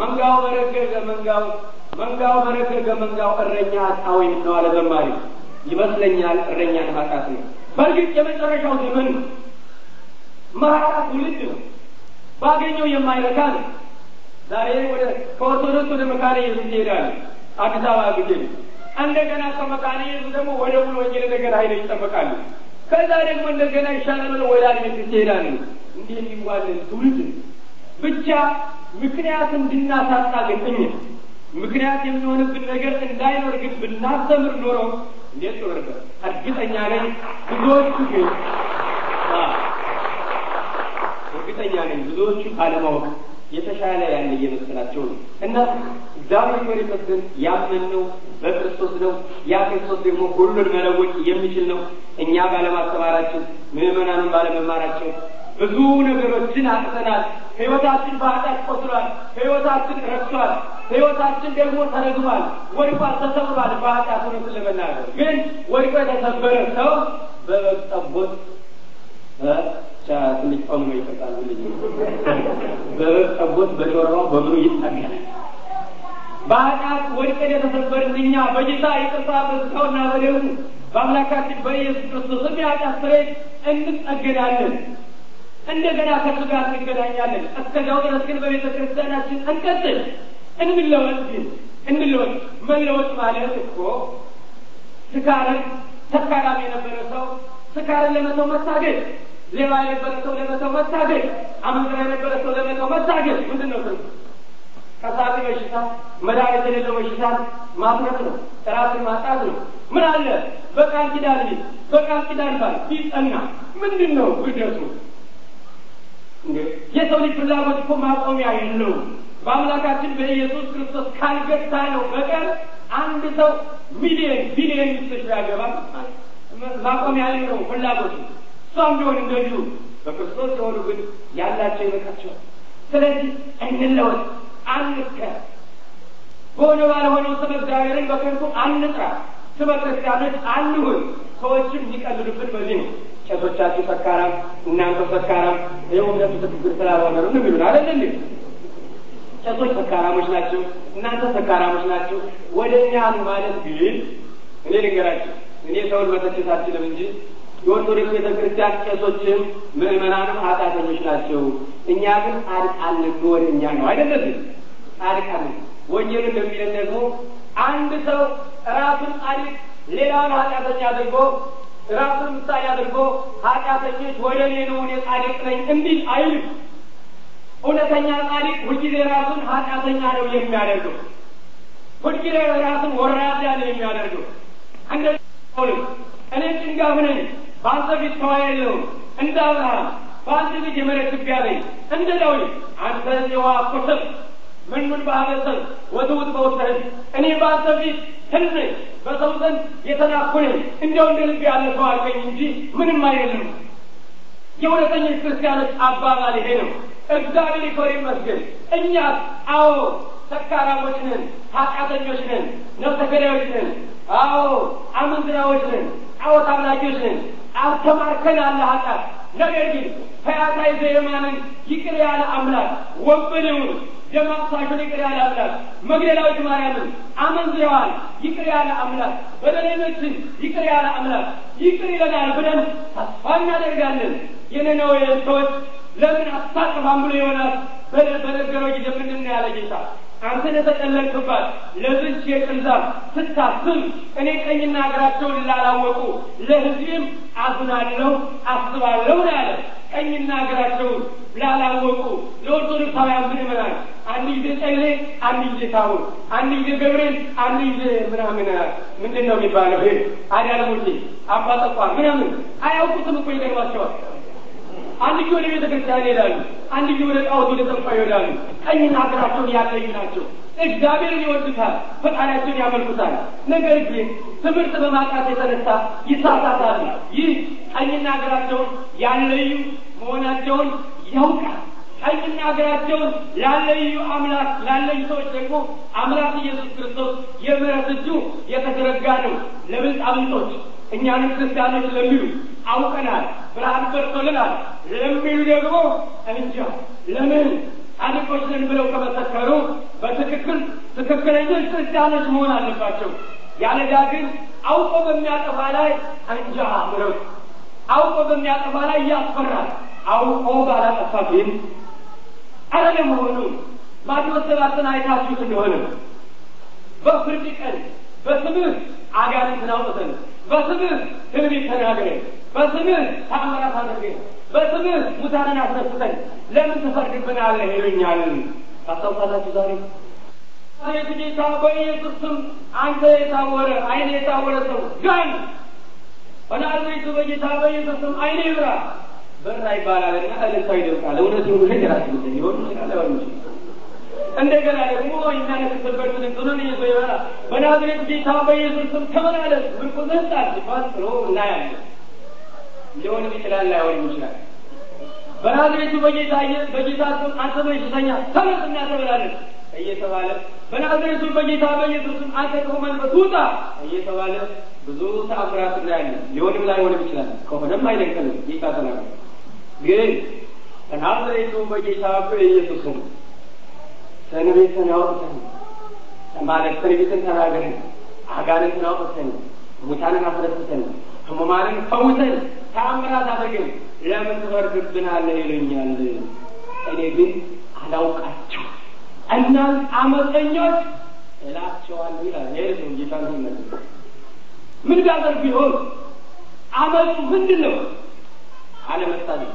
መንጋው በረገገ መንጋው መንጋው መረከ ከመንጋው እረኛ አጣው ነው አለ ዘማሪ። ይመስለኛል እረኛን ማጣት ነው። በእርግጥ የመጨረሻው ዘመን ማጣት ውልድ ነው። ባገኘው የማይረካ ነው። ዛሬ ወደ ከኦርቶዶክስ ወደ መካነ ኢየሱስ ይሄዳል። አዲስ አበባ ግዜ እንደገና ከመካነ ኢየሱስ ደግሞ ወደ ሙሉ ወንጌል ነገር ሀይለ ይጠበቃሉ። ከዛ ደግሞ እንደገና ይሻላል ብለው ወደ አድሜትስ ይሄዳል። እንዲህ የሚዋለድ ትውልድ ብቻ ምክንያት እንድናሳጣ ግን ገጠኝ ምክንያት የሚሆንብን ነገር እንዳይኖር ግን ብናስተምር ኖሮ እንዴት ኖር ነበር። እርግጠኛ ነኝ ብዙዎቹ ግን እርግጠኛ ነኝ ብዙዎቹ ካለማወቅ የተሻለ ያን እየመሰላቸው ነው እና እግዚአብሔር ይመስገን ያምን ነው በክርስቶስ ነው። ያ ክርስቶስ ደግሞ ሁሉን መለወጥ የሚችል ነው። እኛ ባለማስተማራችን፣ ምእመናኑን ባለመማራቸው ብዙ ነገሮችን አጥተናል። ህይወታችን በኃጢአት ቆስሏል። ህይወታችን ረክሷል። ህይወታችን ደግሞ ተረግሟል፣ ወድቋል፣ ተሰብሯል። በኃጢአት እውነቱን ለመናገር ግን ወድቆ የተሰበረ ሰው በጠቦት ትንሽ ጾም ነው ይፈጣል ልጅ በጠቦት በጆሮ በምኑ ይታገላል። በኃጢአት ወድቀን የተሰበርን እኛ በጌታ ይቅርታ በስጋውና በደሙ በአምላካችን በኢየሱስ ክርስቶስ የኃጢአት ስርየት እንጠገናለን። እንደገና ከእሱ ጋር እንገናኛለን። እስከዚያው ድረስ ግን በቤተ ክርስቲያናችን እንቀጥል። እንለወጥ ግን እንለወጥ። መለወጥ ማለት እኮ ስካርን ተካራሚ የነበረ ሰው ስካርን ለመተው መታገል ሌባ የነበረ ሰው ለመተው መታገል፣ አመንዝራ የነበረ ሰው ለመተው መታገል ምንድን ነው ትርጉ? ከሳቢ በሽታ መድኃኒት የሌለው በሽታ ማፍረት ነው፣ ጥራትን ማጣት ነው። ምን አለ በቃል ኪዳን ልጅ በቃል ኪዳን ባል ቢጠና ምንድን ነው ውደቱ? የሰው ልጅ ፍላጎት እኮ ማቆሚያ የለው። በአምላካችን በኢየሱስ ክርስቶስ ካልገታ ነው በቀር አንድ ሰው ሚሊየን ቢሊዮን ሚስቶች ያገባል። ማቆሚያ የለው ፍላጎት እሷም ቢሆን እንደዚሁ በክርስቶስ ከሆኑ ግን ያላቸው ይበቃቸዋል። ስለዚህ እንለወጥ፣ አንከ በሆነ ባለሆነው ስመ እግዚአብሔርን በከንቱ አንጥራ። ስመ ክርስቲያኖች አንሁን። ሰዎችም የሚቀልዱብን በዚህ ነው። ቄሶቻችሁ ሰካራም፣ እናንተ ሰካራም፣ ይኸው እምነቱ ትክክል ስላልሆነ ነው የሚሉን አይደል? ቄሶች ሰካራሞች ናቸው፣ እናንተ ሰካራሞች ናቸው። ወደ እኛ ማለት ግን እኔ ልንገራችሁ፣ እኔ ሰውን መተቸት አልችልም እንጂ የኦርቶዶክስ ቤተ ክርስቲያን ቄሶችም ምእመናንም ኃጢአተኞች ናቸው። እኛ ግን ጻድቃን ወደ እኛ ነው አይደለም ጻድቃን ወንጌል እንደሚለን ደግሞ አንድ ሰው ራሱን ጻድቅ ሌላውን ኃጢአተኛ አድርጎ ራሱን ምሳሌ አድርጎ ኃጢአተኞች ወደ እኔ ነው እኔ ጻድቅ ነኝ እንዲል አይልም። እውነተኛ ጻድቅ ሁልጊዜ ራሱን ኃጢአተኛ ነው የሚያደርገው። ሁልጊዜ ራሱን ወራዳ ነው የሚያደርገው። አንደ እኔ ጭንጋፍ ነኝ በአንተ ፊት ተዋ የለውም እንደ አብርሃም በአንተ የመሬት ትቢያ ላይ እንደ ዳዊት አንተ የዋ ቁስል ምን ምን ባህለሰብ ወትውት በውሰህን እኔ በአንተ ፊት ህዝብ በሰው ዘንድ የተናኩን እንዲያው እንደ ልብ ያለ ሰው አድርገኝ እንጂ ምንም አይደለም። የእውነተኞች ክርስቲያኖች አባባል ይሄ ነው። እግዚአብሔር ይክበር ይመስገን። እኛስ አዎ ሰካራሞች ነን፣ ኃጢአተኞች ነን፣ ነፍሰ ገዳዮች ነን፣ አዎ አመንዝራዎች ነን፣ ጣዖት አምላኪዎች ነን። አስተማርከን አለ ኃጢአት። ነገር ግን ፈያታዊ ዘየማንን ይቅር ያለ አምላክ፣ ወንበዴውን ደም አፍሳሹን ይቅር ያለ አምላክ፣ መግደላዊት ማርያምን አመንዝራዋን ይቅር ያለ አምላክ፣ በደለኞችን ይቅር ያለ አምላክ ይቅር ይለናል ብለን ተስፋ እናደርጋለን። የነነው ሰዎች ለምን አታጥፋም ብሎ ይሆናል በነገረው ጊዜ ምንድን ያለ ጌታ አንተ ለተጠለቅባት ለዝች የቅንዛብ ስታስብ እኔ ቀኝና እግራቸውን ላላወቁ ለህዝብም አዝናለሁ አስባለሁ ነው ያለ። ቀኝና እግራቸውን ላላወቁ ለኦርቶዶክሳውያን ይመናል? አንድ ጊዜ ጸለይ፣ አንድ ጊዜ ታቦት፣ አንድ ጊዜ ገብርኤል፣ አንድ ጊዜ ምናምን ምንድን ነው የሚባለው? ይሄ አዳልሙቴ አባጠቋ ምናምን አያውቁትም እኮ ይገርማቸዋል። ጊዜ ወደ ቤተ ክርስቲያን ይሄዳሉ፣ ጊዜ ወደ ጣዖት ወደ ጠንቋ ይሄዳሉ። ቀኝና ግራቸውን ያለዩ ናቸው። እግዚአብሔርን ይወዱታል፣ ፈጣሪያቸውን ያመልኩታል። ነገር ግን ትምህርት በማጣት የተነሳ ይሳሳታሉ። ይህ ቀኝና ግራቸውን ያለዩ መሆናቸውን ያውቃል። ቀኝና ግራቸውን ላለዩ አምላክ ላለዩ ሰዎች ደግሞ አምላክ ኢየሱስ ክርስቶስ የምሕረት እጁ የተዘረጋ ነው ለብልጣ ብልጦች እኛንም ክርስቲያኖች ለሚሉ አውቀናል፣ ብርሃን በርቶልናል ለሚሉ ደግሞ እንጃ ለምን አድቆች ነን ብለው ከመሰከሩ በትክክል ትክክለኞች ክርስቲያኖች መሆን አለባቸው። ያለዳ ግን አውቆ በሚያጠፋ ላይ እንጃ ብለው አውቆ በሚያጠፋ ላይ ያስፈራል። አውቆ ባላጠፋ ግን አለመሆኑ ማቴዎስ ሰባትን አይታችሁት እንደሆነ በፍርድ ቀን በስምህ አጋንንትን አውጥተን በስምህ ትንቢት ተናግሬ፣ በስምህ ተአምራት አድርጌ፣ በስምህ ሙታንን አስነስተን ለምን ትፈርድብናለህ ይሉኛል። ታስታውሳላችሁ ዛሬ ሴት ጌታ በኢየሱስ ስም አንተ የታወረ አይነ የታወረ ሰው ጋይ በናዝሬቱ በጌታ በኢየሱስ ስም አይነ ይብራ በራ ይባላል እና እልልታ ይደርቃል። እውነቱን ውሸት ጉዳይ ሆኑ ይችላል አይሆን ይችላል እንደገና ደግሞ የሚያነግስበት ምልክቱን ይዞ ይበላል። በናዝሬት ጌታ በኢየሱስ ስም ተመላለስ ምርኩዝህ ዘንጣ ሲባል ጥሎ እናያለን። ሊሆንም ይችላል ላይሆንም ይችላል። በናዝሬቱ በጌታ በጌታ ስም አንተ በኢየሱሰኛ ተነስና ተበላለስ እየተባለ በናዝሬቱ በጌታ በኢየሱስ ስም አንተ ከመንበት ውጣ እየተባለ ብዙ ተአምራት እናያለን። ሊሆንም ላይሆንም ይችላል። ከሆነም አይደንቀንም ጌታ ተናግሮ ግን በናዝሬቱ በጌታ በኢየሱስ ስም ትንቢትን አውጥተን ማለት ትንቢትን ተናገርን፣ አጋንንትን አውጥተን፣ ሙታንን አስረስተን ህሙማንን ፈውተን ተአምራት አድርገን ለምን ትፈርድብናለህ ይሉኛል። እኔ ግን አላውቃቸው እናንት አመፀኞች እላቸዋለሁ ይላል። ይህ ነው ጌታን ምን ጋዘር ቢሆን አመፁ ምንድን ነው? አለመሳደብ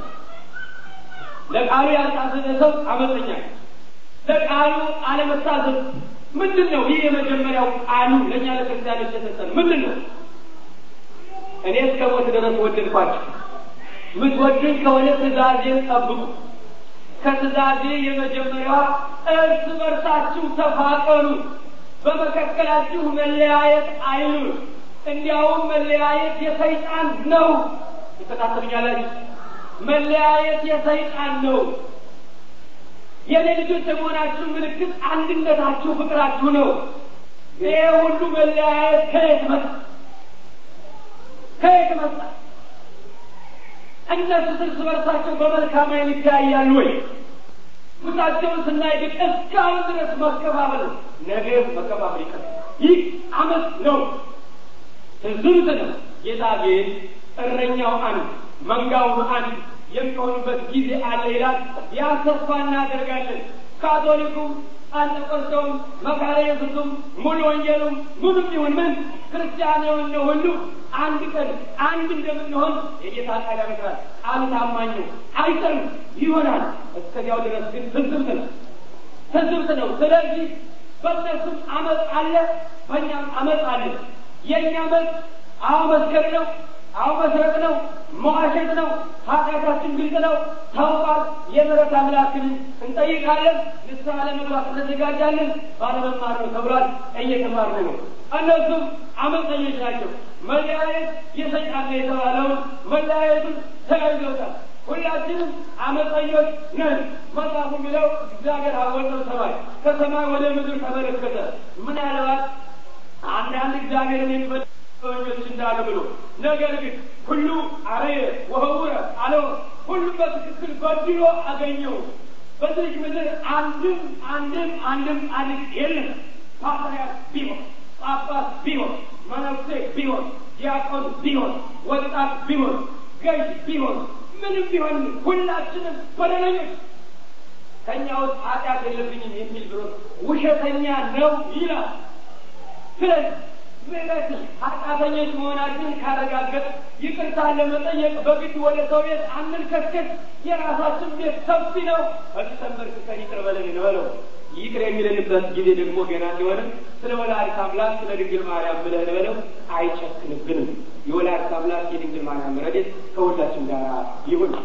ለቃሉ ያልታዘዘ ሰው አመፀኛ ለቃሉ አለመሳዘብ ምንድን ነው? ይህ የመጀመሪያው ቃሉ ለእኛ ለክርስቲያኖች የተሰጠን ምንድን ነው? እኔ እስከ ሞት ድረስ ወደድኳቸው። ምትወድን ከሆነ ትእዛዜን ጠብቁ። ከትእዛዜ የመጀመሪያዋ እርስ በርሳችሁ ተፋቀሉ፣ በመካከላችሁ መለያየት አይኑር። እንዲያውም መለያየት የሰይጣን ነው። ይከታተሉኛላችሁ። መለያየት የሰይጣን ነው። የኔ ልጆች የመሆናችሁ ምልክት አንድነታችሁ፣ ፍቅራችሁ ነው። ይህ ሁሉ መለያየት ከየት መጣ? ከየት መጣ? እነሱ እርስ በርሳቸው በመልካም ዓይን ይታያሉ ወይ? ቁጣቸውን ስናይ ግን እስካሁን ድረስ ማከፋፈል ነው። ነገ መከፋፈል ይቀር። ይህ አመት ነው። ህዝብ ነው። ጌታ ግን እረኛው አንድ፣ መንጋው አንድ የሚሆኑበት ጊዜ አለ ይላል። ያ ተስፋ እናደርጋለን። አንድ አንተቆርተውም መካረ ኢየሱስም ሙሉ ወንጌሉም ሙሉም ይሁን ምን ክርስቲያን የሆነ ሁሉ አንድ ቀን አንድ እንደምንሆን የጌታ ቃል ያመክራል። ቃሉ ታማኝ ነው፣ ይሆናል። እስከዚያው ድረስ ግን ትዝብት ነው፣ ትዝብት ነው። ስለዚህ በእነሱም አመፅ አለ፣ በእኛም አመፅ አለ። የእኛ መልስ አዎ መስከር ነው አሁን መስረቅ ነው፣ መዋሸት ነው፣ ኃጢአታችን ግልጽ ነው። ተውባት የምሕረት አምላክን እንጠይቃለን። ንስሐ ለመግባት እንዘጋጃለን። ባለመማር ነው ተብሏል። እየተማርን ነው። እነሱም አመፀኞች ናቸው። መለያየት የሰይጣን የተባለውን መለያየቱን ተያይዞታል። ሁላችንም አመፀኞች ነን። መጽሐፉ የሚለው እግዚአብሔር አወጠው ሰማይ ከሰማይ ወደ ምድር ተመለከተ። ምናልባት አንዳንድ እግዚአብሔርን የሚበል ጥበኞች እንዳለ ብሎ ነገር ግን ሁሉ አረየ ወህውረ አለ ሁሉ በትክክል በድሎ አገኘው። በዚህ ምድር አንድም አንድም አንድም አድግ የለም። ፓትርያርክ ቢሆን ጳጳስ ቢሆን መነኩሴ ቢሆን ዲያቆን ቢሆን ወጣት ቢሆን ገዥ ቢሆን ምንም ቢሆን ሁላችንም በደለኞች ከእኛ ውስጥ ኃጢአት የለብኝም የሚል ብሎ ውሸተኛ ነው ይላል። ስለዚህ ምሕረት አቃተኞች መሆናችን ካረጋገጥ ይቅርታ ለመጠየቅ በግድ ወደ ሰው ቤት አንልከስከስ። የራሳችን ቤት ሰፊ ነው። በተንበርክከን ይቅር በለን እንበለው። ይቅር የሚለንበት ጊዜ ደግሞ ገና ሲሆንም ስለ ወላዲተ አምላክ ስለ ድንግል ማርያም ብለን እንበለው አይጨክንብንም። የወላዲተ አምላክ የድንግል ማርያም ረድኤት ከሁላችን ጋር ይሁን።